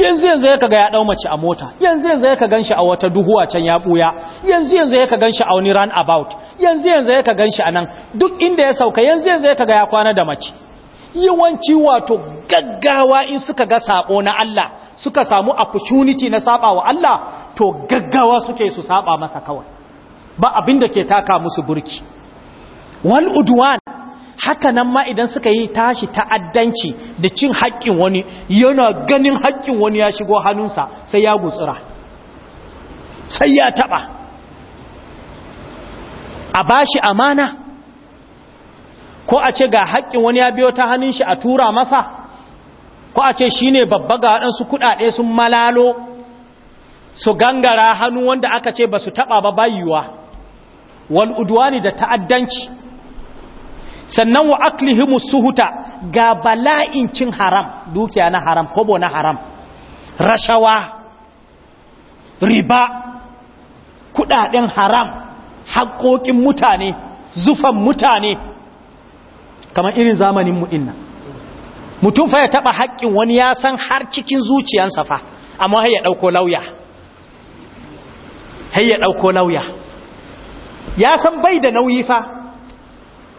yanzu yanzu ya kaga ya dau mace a mota yanzu yanzu ya kaga ganshi a wata duhuwa can ya buya yanzu yanzu ya kaga ganshi a wani run about yanzu yanzu ya kaga ganshi anan duk inda ya sauka yanzu yanzu ya kaga ya kwana da mace yawanci wato gaggawa in suka ga saɓo na Allah suka samu opportunity na saba wa Allah to gaggawa suke su saba masa kawai ba abinda ke taka musu burki wal udwan haka nan ma idan suka yi tashi ta'addanci da cin haƙƙin wani yana ganin haƙƙin wani ya shigo hannunsa sai ya gutsura sai ya taɓa a bashi amana ko a ce ga haƙƙin wani ya biyo ta hannun shi a tura masa ko a ce shi ne babba ga waɗansu kuɗaɗe sun malalo su gangara hannu wanda aka ce ba su taɓa ba bayuwa ne da ta'addanci sannan wa aklihimu suhuta ga bala'in cin haram dukiya na haram kobo na haram rashawa riba kudaden haram haƙoƙin mutane zufan mutane kamar irin zamanin mu inna mutum fa ya taɓa haƙƙin wani ya san har cikin zuciyarsa fa amma har ya ɗauko lauya har ya ɗauko lauya ya san bai da nauyi fa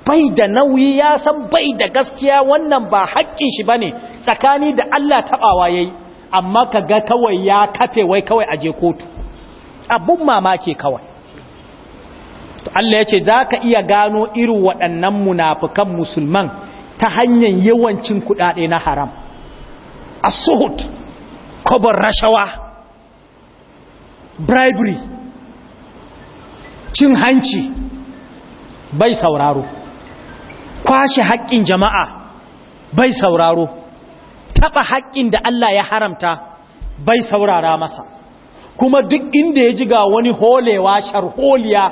bai da nauyi ya san bai da gaskiya wannan ba haƙƙin shi bane tsakani da Allah tabawa yayi amma ka ga kawai ya kafe wai kawai aje kotu abun mamaki kawai to Allah yace zaka iya gano irin waɗannan munafukan musulman ta hanyar yawancin kuɗaɗe na haram A suhut kobar rashawa bribery cin hanci bai sauraro kwashe haƙƙin jama'a bai sauraro taɓa haƙƙin da Allah ya haramta bai saurara masa kuma duk inda ya ji ga wani holewa sharholiya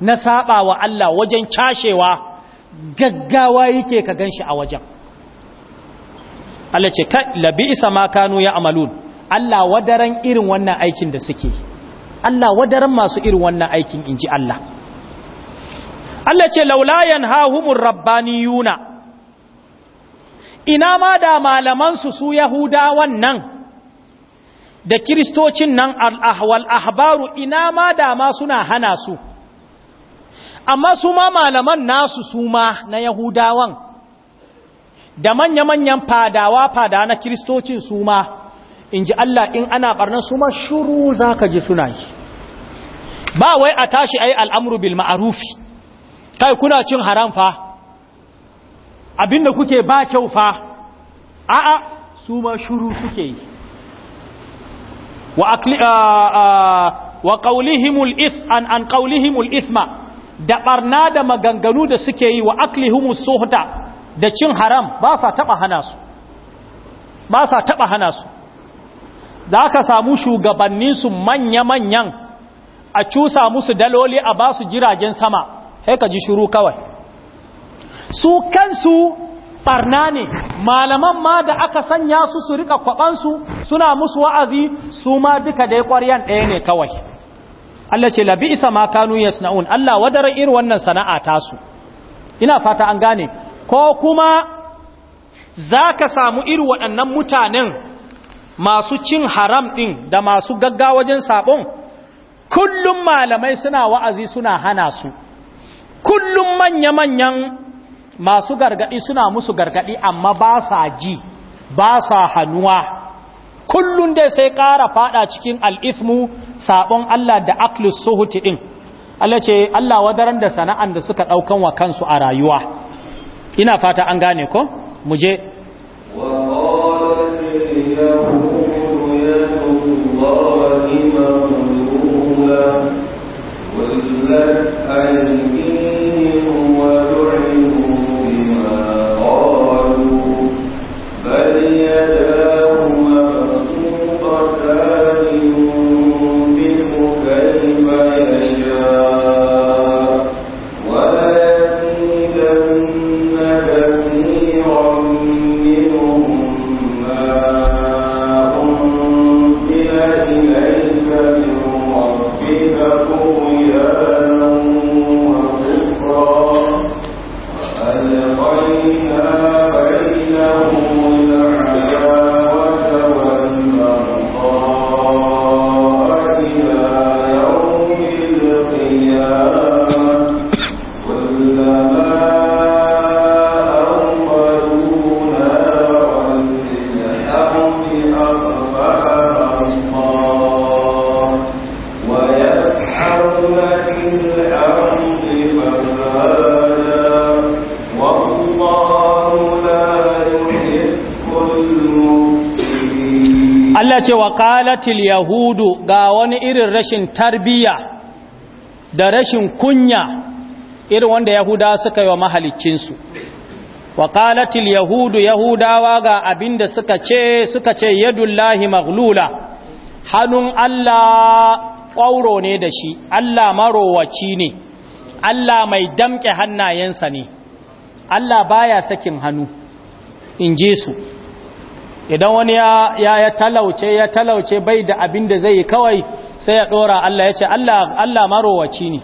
na saba wa Allah wajen cashewa gaggawa yake ka ganshi a wajen Allah ce ka labi isa ma kanu ya amalun Allah wadaran irin wannan aikin da suke Allah wadaran masu irin wannan aikin inji Allah Allah ce laulayan rabbani yuna. ina ma da malamansu su yahudawan nan da kiristocin nan al'ahwal ahbaru ina ma da ma suna hana su amma su ma malaman nasu su ma na yahudawan da manya-manyan fadawa fada na kiristocin su ma in ji Allah in ana ɓarnar su ma shuru za ka ji suna yi ba wai a tashi ai al'amuru bil ma'arufi kai kuna cin haram fa abinda kuke ba kyau fa a'a su ma shuru suke yi wa akli wa an an da ɓarna da maganganu da suke yi wa aklihumus suhta da cin haram ba sa taba hana su ba sa taba hana su da aka samu shugabanninsu manya-manyan a cusa musu daloli a ba su jiragen sama sai ka ji shuru kawai su kansu barna ne malaman ma da aka sanya su su rika kwabansu suna musu wa'azi su ma duka dai ƙwaryan ɗaya ne kawai Allah ce labi isa ma kanu yasna'un Allah wadara irin wannan sana'a tasu ina fata an gane ko kuma za ka samu irin waɗannan mutanen masu cin haram ɗin da masu gagga wajen sabon kullum malamai suna wa'azi suna hana su kullum manya-manyan masu gargadi suna musu gargadi amma ba sa ji ba sa hannuwa kullum dai sai ƙara fada cikin al'ifmu sabon Allah da aklus suhuti ɗin Allah ce Allah wadaran da sana'an da suka ɗaukan wa kansu a rayuwa ina fata an gane ko mu je وَإِلَّا Jagat qalatil yahudu ga wani irin rashin tarbiya da rashin kunya irin wanda yahuda suka yi wa mahaliccinsu wa qalatil yahudu yahudawa ga abinda suka ce suka ce yadullahi maghlula hanun Allah kwauro ne da shi Allah marowaci ne Allah mai damƙe hannayensa ne Allah baya sakin hannu in ji su idan wani ya ya talauce ya talauce bai da abin da zai kawai sai ya dora Allah ya ce Allah Allah marowaci ne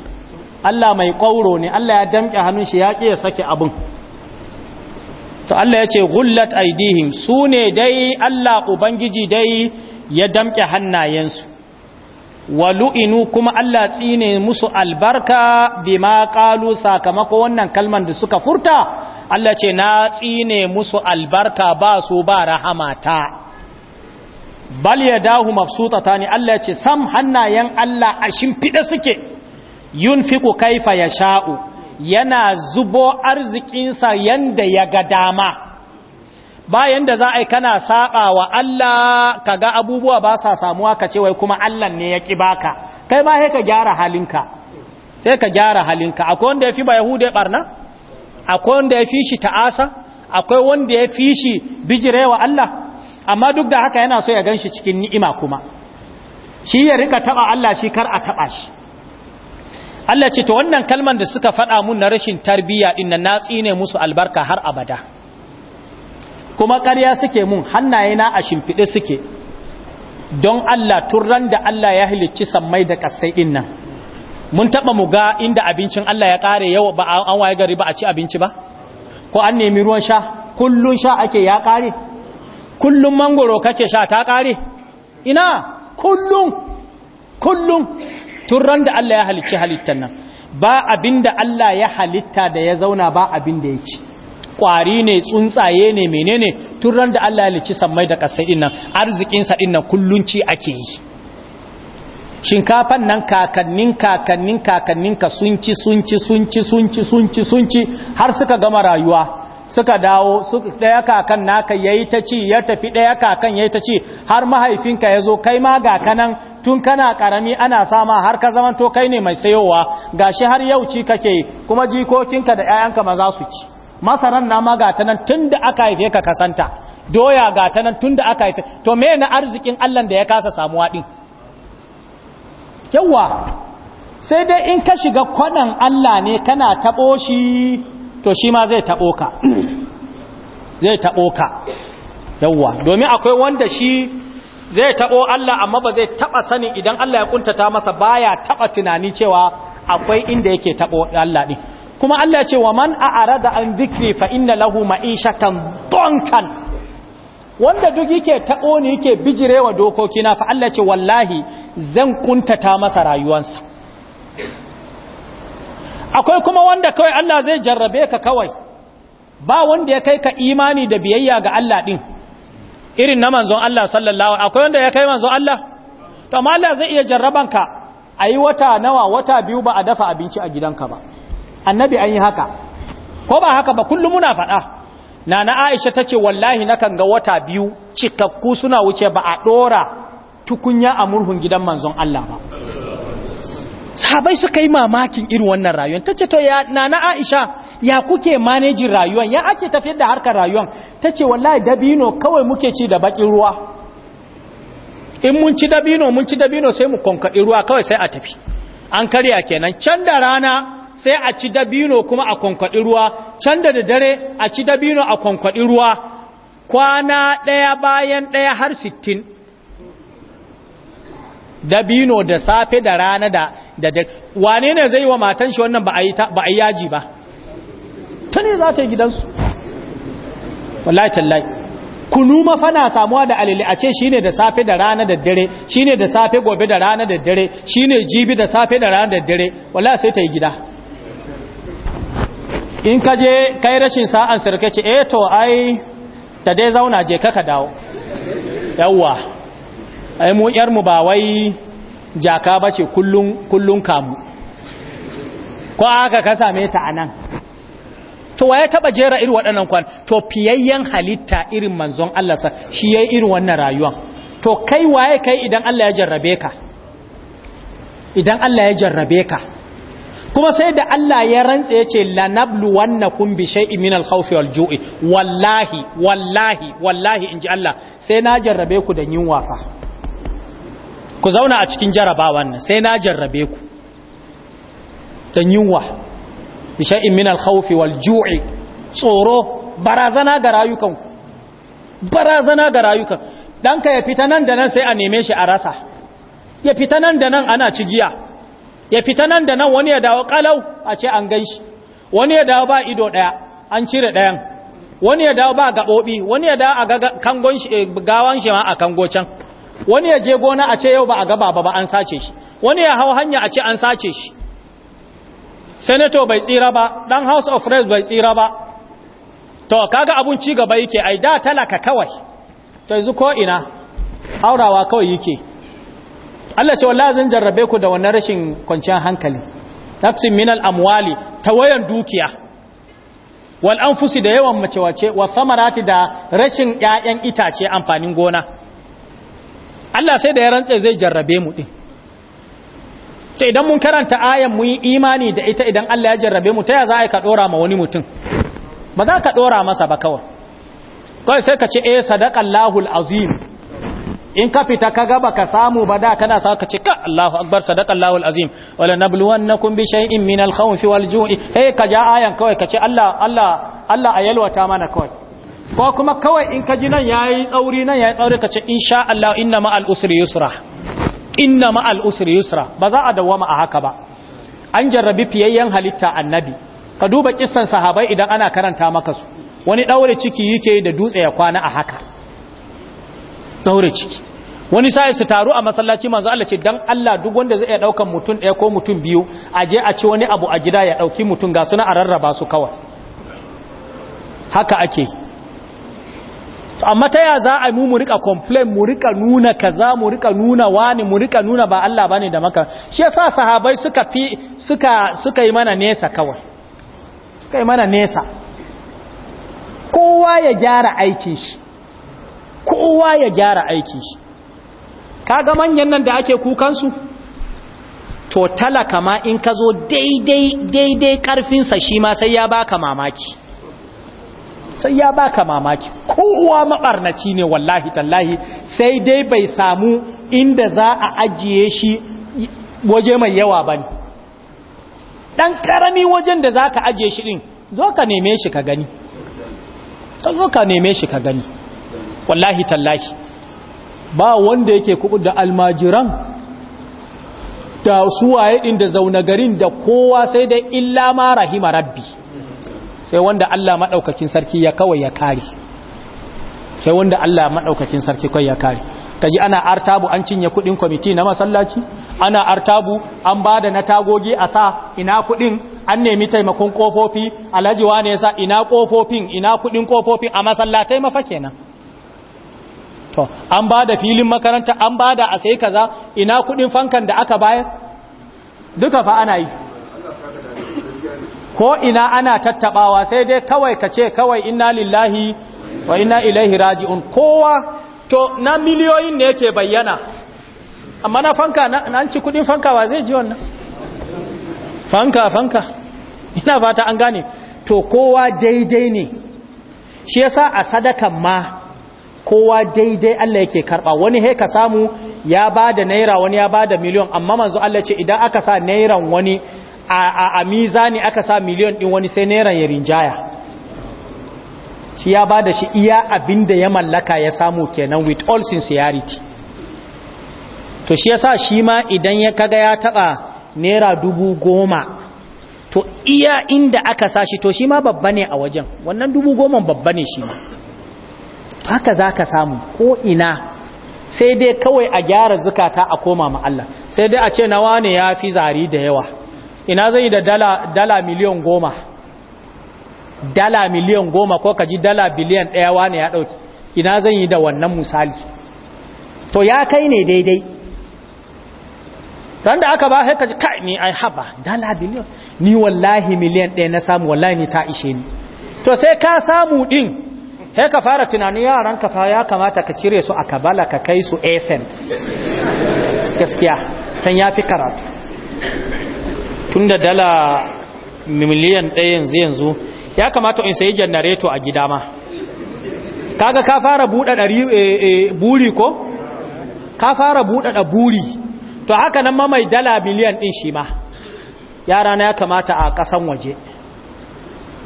Allah mai kwauro ne Allah ya damke hannun shi ya ki ya sake abin to Allah ya ce gullat aidihim su ne dai Allah ubangiji dai ya damke hannayensu walu'inu kuma Allah tsine musu albarka bima qalu sakamako wannan kalman da suka furta Allah ce na tsine musu albarka ba su ba rahamata bal yadahu mabsutatani Allah ce sam hannayen Allah a shimfide suke yunfiqu kaifa yasha'u yana zubo arzikinsa yanda ya ga dama bayan da za a yi kana saba wa Allah ka ga abubuwa ba sa samuwa ka ce wai kuma Allah ne ya ki baka kai ma sai ka gyara halinka sai ka gyara halinka akwai wanda ya fi ba yahudai barna akwai wanda ya fi shi ta'asa akwai wanda ya fi shi bijirewa Allah amma duk da haka yana so ya ganshi cikin ni'ima kuma shi ya rika taba Allah shi kar a taba shi Allah ce to wannan kalman da suka faɗa mun na rashin tarbiyya din na tsine musu albarka har abada kuma ƙarya suke mun hannaye na a shimfiɗe suke don Allah turan da Allah ya halicci sammai da ƙasai ɗin nan mun taɓa mu ga inda abincin Allah ya ƙare yau ba an waye gari ba a ci abinci ba ko an nemi ruwan sha kullun sha ake ya ƙare kullun mangoro kake sha ta ƙare ina kullun kullun turan da Allah ya halicci halittan nan ba abinda Allah ya halitta da ya zauna ba abinda ya ci kwari ne tsuntsaye ne menene turan da Allah ya lici sammai da kasai dinnan arzikin sa dinnan kullunci ci ake yi shinkafan nan kakannin kakannin kakannin ka sun ci sun ci sun ci har suka gama rayuwa suka dawo ɗaya kakan naka yayi ta ci ya tafi ɗaya kakan yayi ta ci har mahaifinka ya zo kai ma ga kanan tun kana karami ana sama har ka zamanto kai ne mai sayowa gashi har yau ci kake kuma jikokinka da 'ya'yanka ma za su ci masaran na ma gata nan tun da aka haife ka kasanta doya gata nan tun da aka haife to me na arzikin allah da ya kasa samu ɗin yawa sai dai in ka shiga kwanan allah ne kana taɓo shi to shi ma zai taɓo ka zai taɓo ka yawa domin akwai wanda shi zai taɓo Allah amma ba zai taɓa sani idan Allah ya kuntata masa baya taɓa tunani cewa akwai inda yake taɓo Allah ɗin kuma Allah ce wa man a'arada an zikri fa inna lahu ma'ishatan bankan. wanda duk yake tabo ne yake bijirewa dokokina fa Allah ce wallahi zan kuntata masa rayuwarsa akwai kuma wanda kawai Allah zai jarrabe ka kawai ba wanda ya kai ka imani da biyayya ga Allah din irin na manzon Allah sallallahu akwai wanda ya kai manzon Allah to amma Allah zai iya jarrabanka ayi wata nawa wata biyu ba a dafa abinci a gidanka ba annabi an yi haka ko ba haka ba kullum muna faɗa Nana aisha ta ce wallahi na kan ga wata biyu cikakku suna wuce ba a ɗora tukunya a murhun gidan manzon Allah ba Sabai suka yi mamakin irin wannan rayuwar ta ce to ya na aisha ya kuke manajin rayuwar ya ake tafiyar da harkar rayuwar ta ce wallahi dabino kawai muke ci da bakin ruwa in mun ci dabino mun ci dabino sai mu konkaɗi ruwa kawai sai a tafi an karya kenan can da rana sai a ci dabino kuma a kwankwaɗi ruwa can da dare a ci dabino a kwankwaɗi ruwa kwana ɗaya bayan ɗaya har sittin dabino da safe da rana da da wane ne zai wa matan shi wannan ba a yi yaji ba ta ne za ta yi gidansu wallahi tallai kunu mafana samuwa da alili a ce shi ne da safe da rana da dare shi ne da safe gobe da rana da dare shi ne jibi da safe da rana da dare wallahi sai ta yi gida in ka je kai rashin sa'an sarkaci ce eh to ai ta dai zauna je kaka dawo yawwa ai mu yar ba wai jaka bace kullun kullun kamu ko aka ka same ta anan to waye taba jera irin waɗannan kwan to fiyayyen halitta irin manzon Allah sa shi yi irin wannan rayuwar to kai waye kai idan Allah ya jarrabe ka idan Allah ya jarrabe ka kuma sai da Allah ya rantse ya ce kun bi shay'in min al-khawfi wal-ju'i wallahi wallahi wallahi inji Allah sai na jarrabe ku da yunwa fa ku zauna a cikin jarabawan nan sai na jarrabe ku da yunwa bi shay'in min al-khawfi wal-ju'i tsoro barazana ga rayukanku barazana ga rayukan danka ya fita nan da nan sai a neme shi a rasa ya fita nan da nan ana cigiya ya fita nan da nan wani ya dawo kalau a ce an gan shi wani ya dawo ba ido ɗaya an cire ɗayan wani ya dawo ba gaɓoɓi wani ya dawo a kangon shi eh, gawan shi ma a kango can wani ya je gona a ce yau ba a gaba ba ba an sace shi wani ya hau hanya a ce an sace shi senator bai tsira ba dan house of reps bai tsira ba to kaga abun ci gaba yake ai da talaka kawai to yanzu ko ina aurawa kawai yake Allah ce wallahi zan jarrabe ku da wannan rashin kwanciyar hankali min minal amwali wayan dukiya wal anfusi da yawan macewace wa samarati da rashin ƴaƴan itace amfanin gona Allah sai da ya rantse zai jarrabe mu din to idan mun karanta ayan mu yi imani da ita idan Allah ya jarrabe mu ta ya za ka dora ma wani mutum ba za ka dora masa ba kawai kawai sai ka ce eh sadaqallahu alazim in ka fita ka ga ka samu ba da kana sa ka ce ka Allahu akbar Allahu alazim wala nabluwannakum bi shay'in min alkhawfi walju'i eh ka ja ayan kawai ka ce Allah Allah Allah ayalwata mana kawai ko kuma kawai in ka ji nan yayi tsauri nan yayi tsauri ka ce insha Allah inna ma'al usri yusra inna ma'al usri yusra ba za a dawama a haka ba an jarrabi fiyayyan halitta annabi ka duba kissan sahabbai idan ana karanta maka su wani daure ciki yake da dutse ya kwana a haka daure ciki wani sai su taru a masallaci manzo Allah ce dan Allah duk wanda zai iya daukan mutum ɗaya ko mutum biyu a je a ci wani abu a gida ya dauki mutum ga suna a rarraba su kawai haka ake amma ta ya za a mu mu rika complain mu rika nuna kaza mu rika nuna wani mu rika nuna ba Allah bane da maka shi yasa sahabbai suka fi suka suka yi mana nesa kawai suka yi mana nesa kowa ya gyara aikin shi kowa ya gyara aikin shi ga manyan nan da ake kukansu to talaka ma in ka zo daidai karfinsa shi ma sai ya baka mamaki sai ya baka mamaki kowa mabarnaci ne wallahi tallahi sai dai bai samu inda za a ajiye shi waje mai yawa ba ne ɗan ƙarami wajen da za ka ajiye shi ɗin zo ka neme shi ka gani ka zo ka neme shi ka gani wallahi tallahi ba wanda yake kubu da almajiran da suwaye din da zauna garin da kowa sai dai illa ma rahima rabbi sai wanda Allah madaukakin sarki ya kawai ya kare sai wanda Allah madaukakin sarki kai ya kare kaji ana artabu an cinye kudin kwamiti na masallaci ana artabu an bada na tagogi a sa ina kudin an nemi taimakon kofofi alhaji wane yasa ina kofofin ina kudin kofofin a masallatai mafa kenan to an ba da filin makaranta an ba da a sai kaza ina kudin fankan da aka bayar duka fa ana yi ko ina ana tattabawa sai dai kawai ka ce kawai inna lillahi wa inna ilaihi raji'un kowa to na miliyoyin ne yake bayyana amma na fanka na an ci kudin fanka wa zai ji wannan fanka fanka ina fata an gane to kowa daidai ne shi yasa a sadakan ma kowa daidai Allah yake karba wani he ka samu ya bada naira wani ya bada miliyon amma manzo Allah ce idan aka sa nairan wani a, a, a mizani aka sa miliyon din wani sai nairan ya rinjaya shi ya bada shi iya abinda ya mallaka ya samu kenan with all sincerity to shi yasa shi ma idan ya kaga ya taba naira dubu goma to iya inda aka sa shi to shi ma babba ne a wajen wannan dubu goma babba ne shi ma haka za ka samu ko ina sai dai kawai a gyara zukata a koma ma’alla Allah sai dai a ce na wane ya fi zari da yawa ina zai da dala, dala miliyan goma dala miliyan goma ko kaji dala biliyan ɗaya wane ya ɗauki ina zan yi da wannan misali to ya kai ne daidai ran da aka ba haka ji kai ni ai haba dala biliyan ni wallahi miliyan ɗaya na samu wallahi ni ta ishe ni to sai ka samu ɗin he ka fara tunani yaran ka fa ya kamata ka cire su a kabala ka kai su asent gaskiya can ya fi karatu tun da dala miliyan ɗaya yanzu yanzu ya kamata in sayi janareto a gida ma kaga ka fara buɗaɗa eh, eh, buri ko ka fara buɗaɗa buri to haka nan ma mai dala miliyan ɗin shi ma yara na ya kamata a ƙasan waje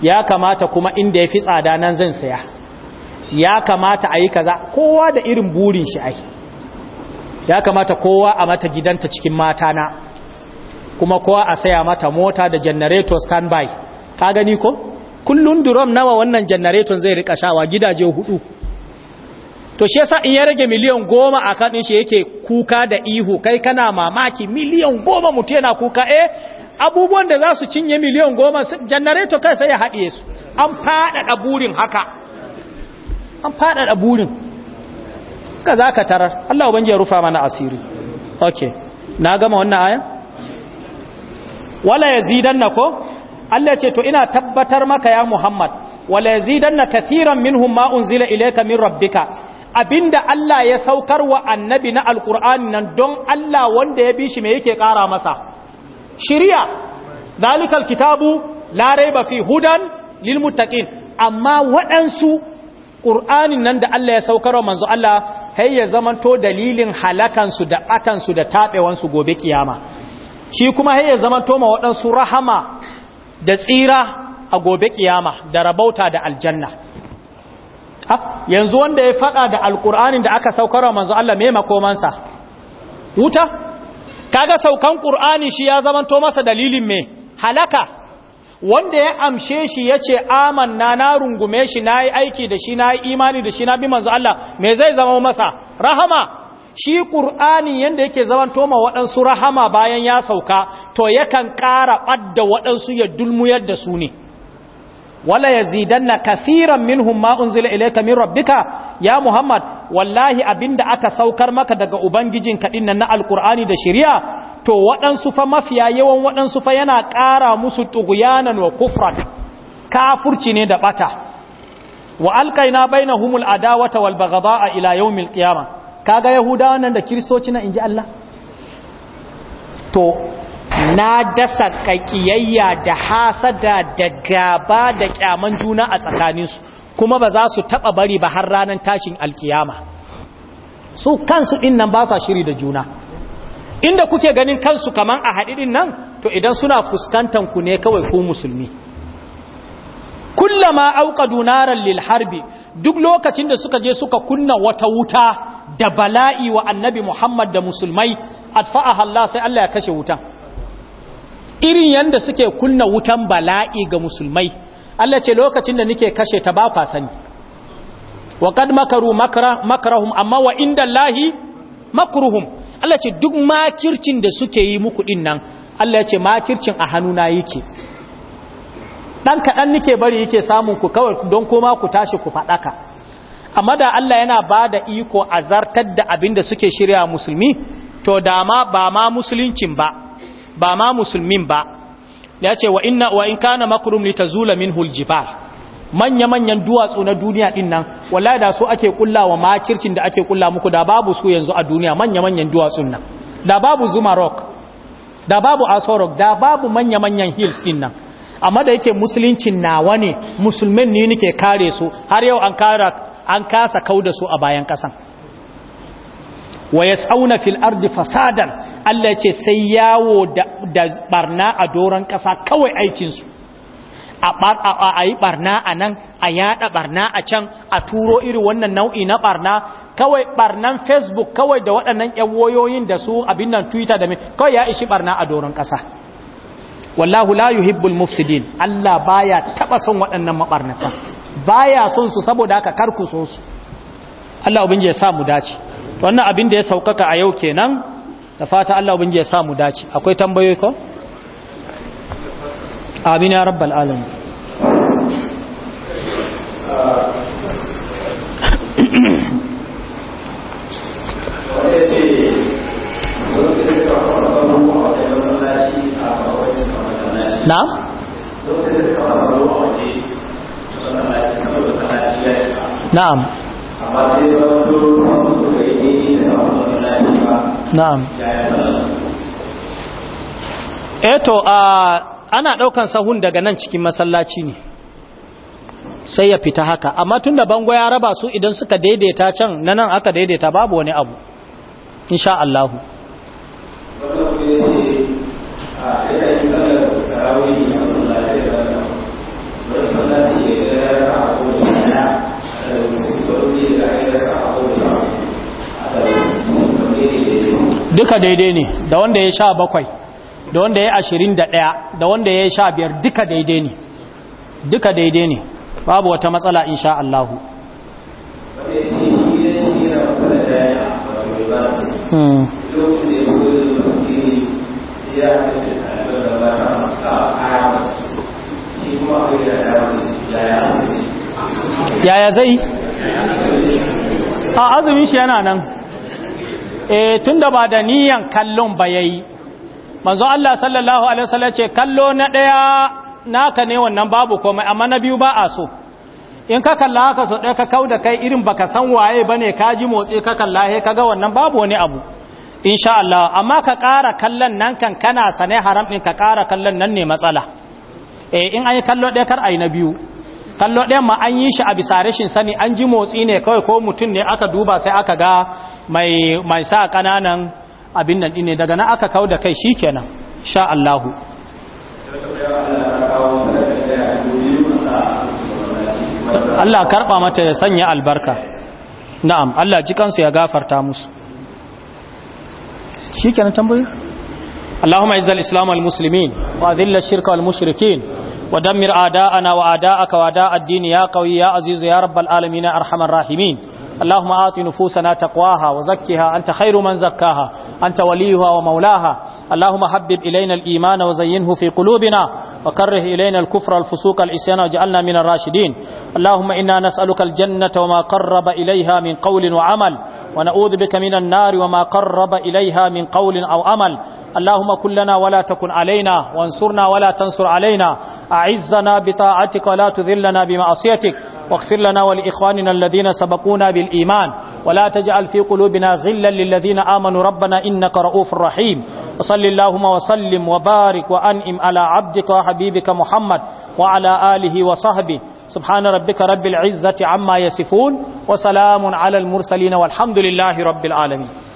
ya kamata kuma inda ya fi tsada nan zan saya ya kamata a yi kaza kowa da irin burin shi ai ya kamata kowa a mata gidanta cikin mata na kuma kowa a saya mata mota da generator standby ka gani ko kullun drum nawa wannan generator zai rika shawa gidaje hudu to shi yasa in ya rage miliyan goma a kan shi yake kuka da ihu kai kana mamaki miliyan goma mutu yana kuka eh abubuwan da za su cinye miliyan goma generator kai sai ya haɗe su an faɗaɗa burin haka an faɗaɗa burin ka za ka tarar Allah ubangi ya rufa mana asiri ok na gama wannan aya wala ya zidan na ko Allah ce to ina tabbatar maka ya Muhammad wala ya zidan na kathiran minhum ma unzila ilayka min rabbika abinda Allah ya saukar wa annabi na alkur'ani nan don Allah wanda ya bi shi me yake ƙara masa shiriya zalikal kitabu la raiba fi hudan lil muttaqin amma waɗansu ƙur'anin nan da Allah ya saukarwa manzo Allah har ya zamanto dalilin halakansu da batansu da taɓewansu gobe kiyama shi kuma har ya zamanto ma waɗansu rahama da tsira a gobe kiyama da rabauta da aljanna ah, yanzu wanda ya faɗa da alƙur'anin da aka saukarwa manzo Allah me makomansa wuta kaga saukan ƙur'ani shi ya zamanto masa dalilin me halaka wanda ya amshe shi ya ce aman na na rungume shi na yi aiki da shi na yi imani da shi na bi manzu Allah mai zai zama masa rahama shi ƙur'ani yadda yake zamanto toma waɗansu rahama bayan ya sauka to yakan ƙara ɓadda waɗansu ya dulmuyar da su ne wala na kasiran minhum ma unzila ilaika min rabbika ya muhammad wallahi abinda aka saukar maka daga ubangijin ka dinnan na alkur'ani da shari'a to waɗansu fa mafiya yawan waɗansu fa yana ƙara musu tughyanan wa kufran kafurci ne da ɓata. wa baina humul adawata wal baghdha ila yawmil qiyamah kaga yahudawa nan da kristoci na inji Allah to na dasa kakiyayya da hasada da gaba da kyaman juna a tsakaninsu kuma ba za su taɓa bari ba har ranar tashin alkiyama su kansu din nan ba sa shiri da juna inda kuke ganin kansu kaman a haɗiɗin nan to idan suna fuskantan ku ne kawai ku musulmi kullama auqadu naran lil harbi duk lokacin da suka je suka kunna wata wuta da bala'i wa annabi Muhammad da musulmai atfa'aha Allah sai Allah ya kashe wutan irin yanda suke kunna wutan bala'i ga musulmai Allah ce lokacin da nike kashe ta ba kwa sani wa kad makaru makra amma wa inda lahi makruhum Allah ce duk makircin da suke yi muku din nan Allah yace ce makircin a hannuna yake dan kadan nike bari yake samun ku kawai don koma ku tashi ku faɗaka. amma da Allah yana bada iko azartar da abin da suke shirya musulmi to dama ba ma musuluncin ba ba ma musulmin ba ya ce wa inna wa in kana makrum litazula minhu aljibal manya manyan duwatsu na duniya din nan wallahi da su ake kullawa makircin da ake kulla muku da babu su yanzu a duniya manya manyan duwatsu nan da babu zuma rock da babu aso da babu manya manyan hills din nan amma da yake musuluncin nawa ne musulmin ne nake kare su har yau an kara an kasa kauda su a bayan kasan wa yas'auna fil ardi fasadan Allah ya ce sai yawo da barna a doron kasa kawai aikinsu. a yi barna a nan a yada barna a can a turo iri wannan nau'i na barna kawai barnan facebook kawai da waɗannan yan wayoyin da su abin nan twitter da mai kawai ya ishi barna a doron ƙasa wallahu la yuhibbul mufsidin Allah baya taba son waɗannan mabarnata baya son su saboda haka karku so su Allah ubin ya sa mu dace wannan abin da ya saukaka a yau kenan da fata Allah ubangiji ya samu dace akwai tambayoyi ko amin ya rabbal alamin na? na'am na'am eto eh a ana daukan sahun daga nan cikin masallaci ne sai ya fita haka amma tunda bango ya raba su idan suka daidaita can na nan aka daidaita babu wani abu insha Allah a duka daidai ne da wanda ya sha bakwai da wanda ya ashirin da ɗaya da wanda ya sha biyar duka daidai ne duka daidai ne babu wata matsala in sha Allah hmm. yaya zai a azumin shi yana nan eh tunda ba da niyan kallon ba yayi manzo Allah sallallahu alaihi wasallam ce kallo na daya naka ne wannan babu komai amma na biyu ba a so in ka kalla haka so ɗaya ka kau da kai irin baka san waye bane ka ji motsi ka kalla he kaga wannan babu wani abu insha Allah amma ka ƙara kallon nan kan kana sane haram ɗin ka ƙara kallon nan ne matsala eh in an kallo ɗaya kar a na biyu kallo ɗayan ma an yi shi a bisa rashin sani an ji motsi ne kawai ko mutum ne aka duba sai aka ga mai mai sa kananan abin nan ɗine daga na aka kawo da kai shi kenan sha Allahu Allah karɓa mata ya sanya albarka na'am Allah ji kansu ya gafarta musu shikenan tambayi al اعز wa zilla shirka al mushrikin. ودمر أعداءنا وأعداءك وأعداء الدين يا قوي يا عزيز يا رب العالمين أرحم الراحمين اللهم آت نفوسنا تقواها وزكها أنت خير من زكاها أنت وليها ومولاها اللهم حبب إلينا الإيمان وزينه في قلوبنا وكره إلينا الكفر الفسوق العصيان واجعلنا من الراشدين اللهم إنا نسألك الجنة وما قرب إليها من قول وعمل ونعوذ بك من النار وما قرب إليها من قول أو عمل اللهم كن لنا ولا تكن علينا وانصرنا ولا تنصر علينا أعزنا بطاعتك ولا تذلنا بمعصيتك واغفر لنا ولإخواننا الذين سبقونا بالإيمان ولا تجعل في قلوبنا غلا للذين آمنوا ربنا إنك رؤوف رحيم وصل اللهم وسلم وبارك وأنئم على عبدك وحبيبك محمد وعلى آله وصحبه سبحان ربك رب العزة عما يصفون وسلام على المرسلين والحمد لله رب العالمين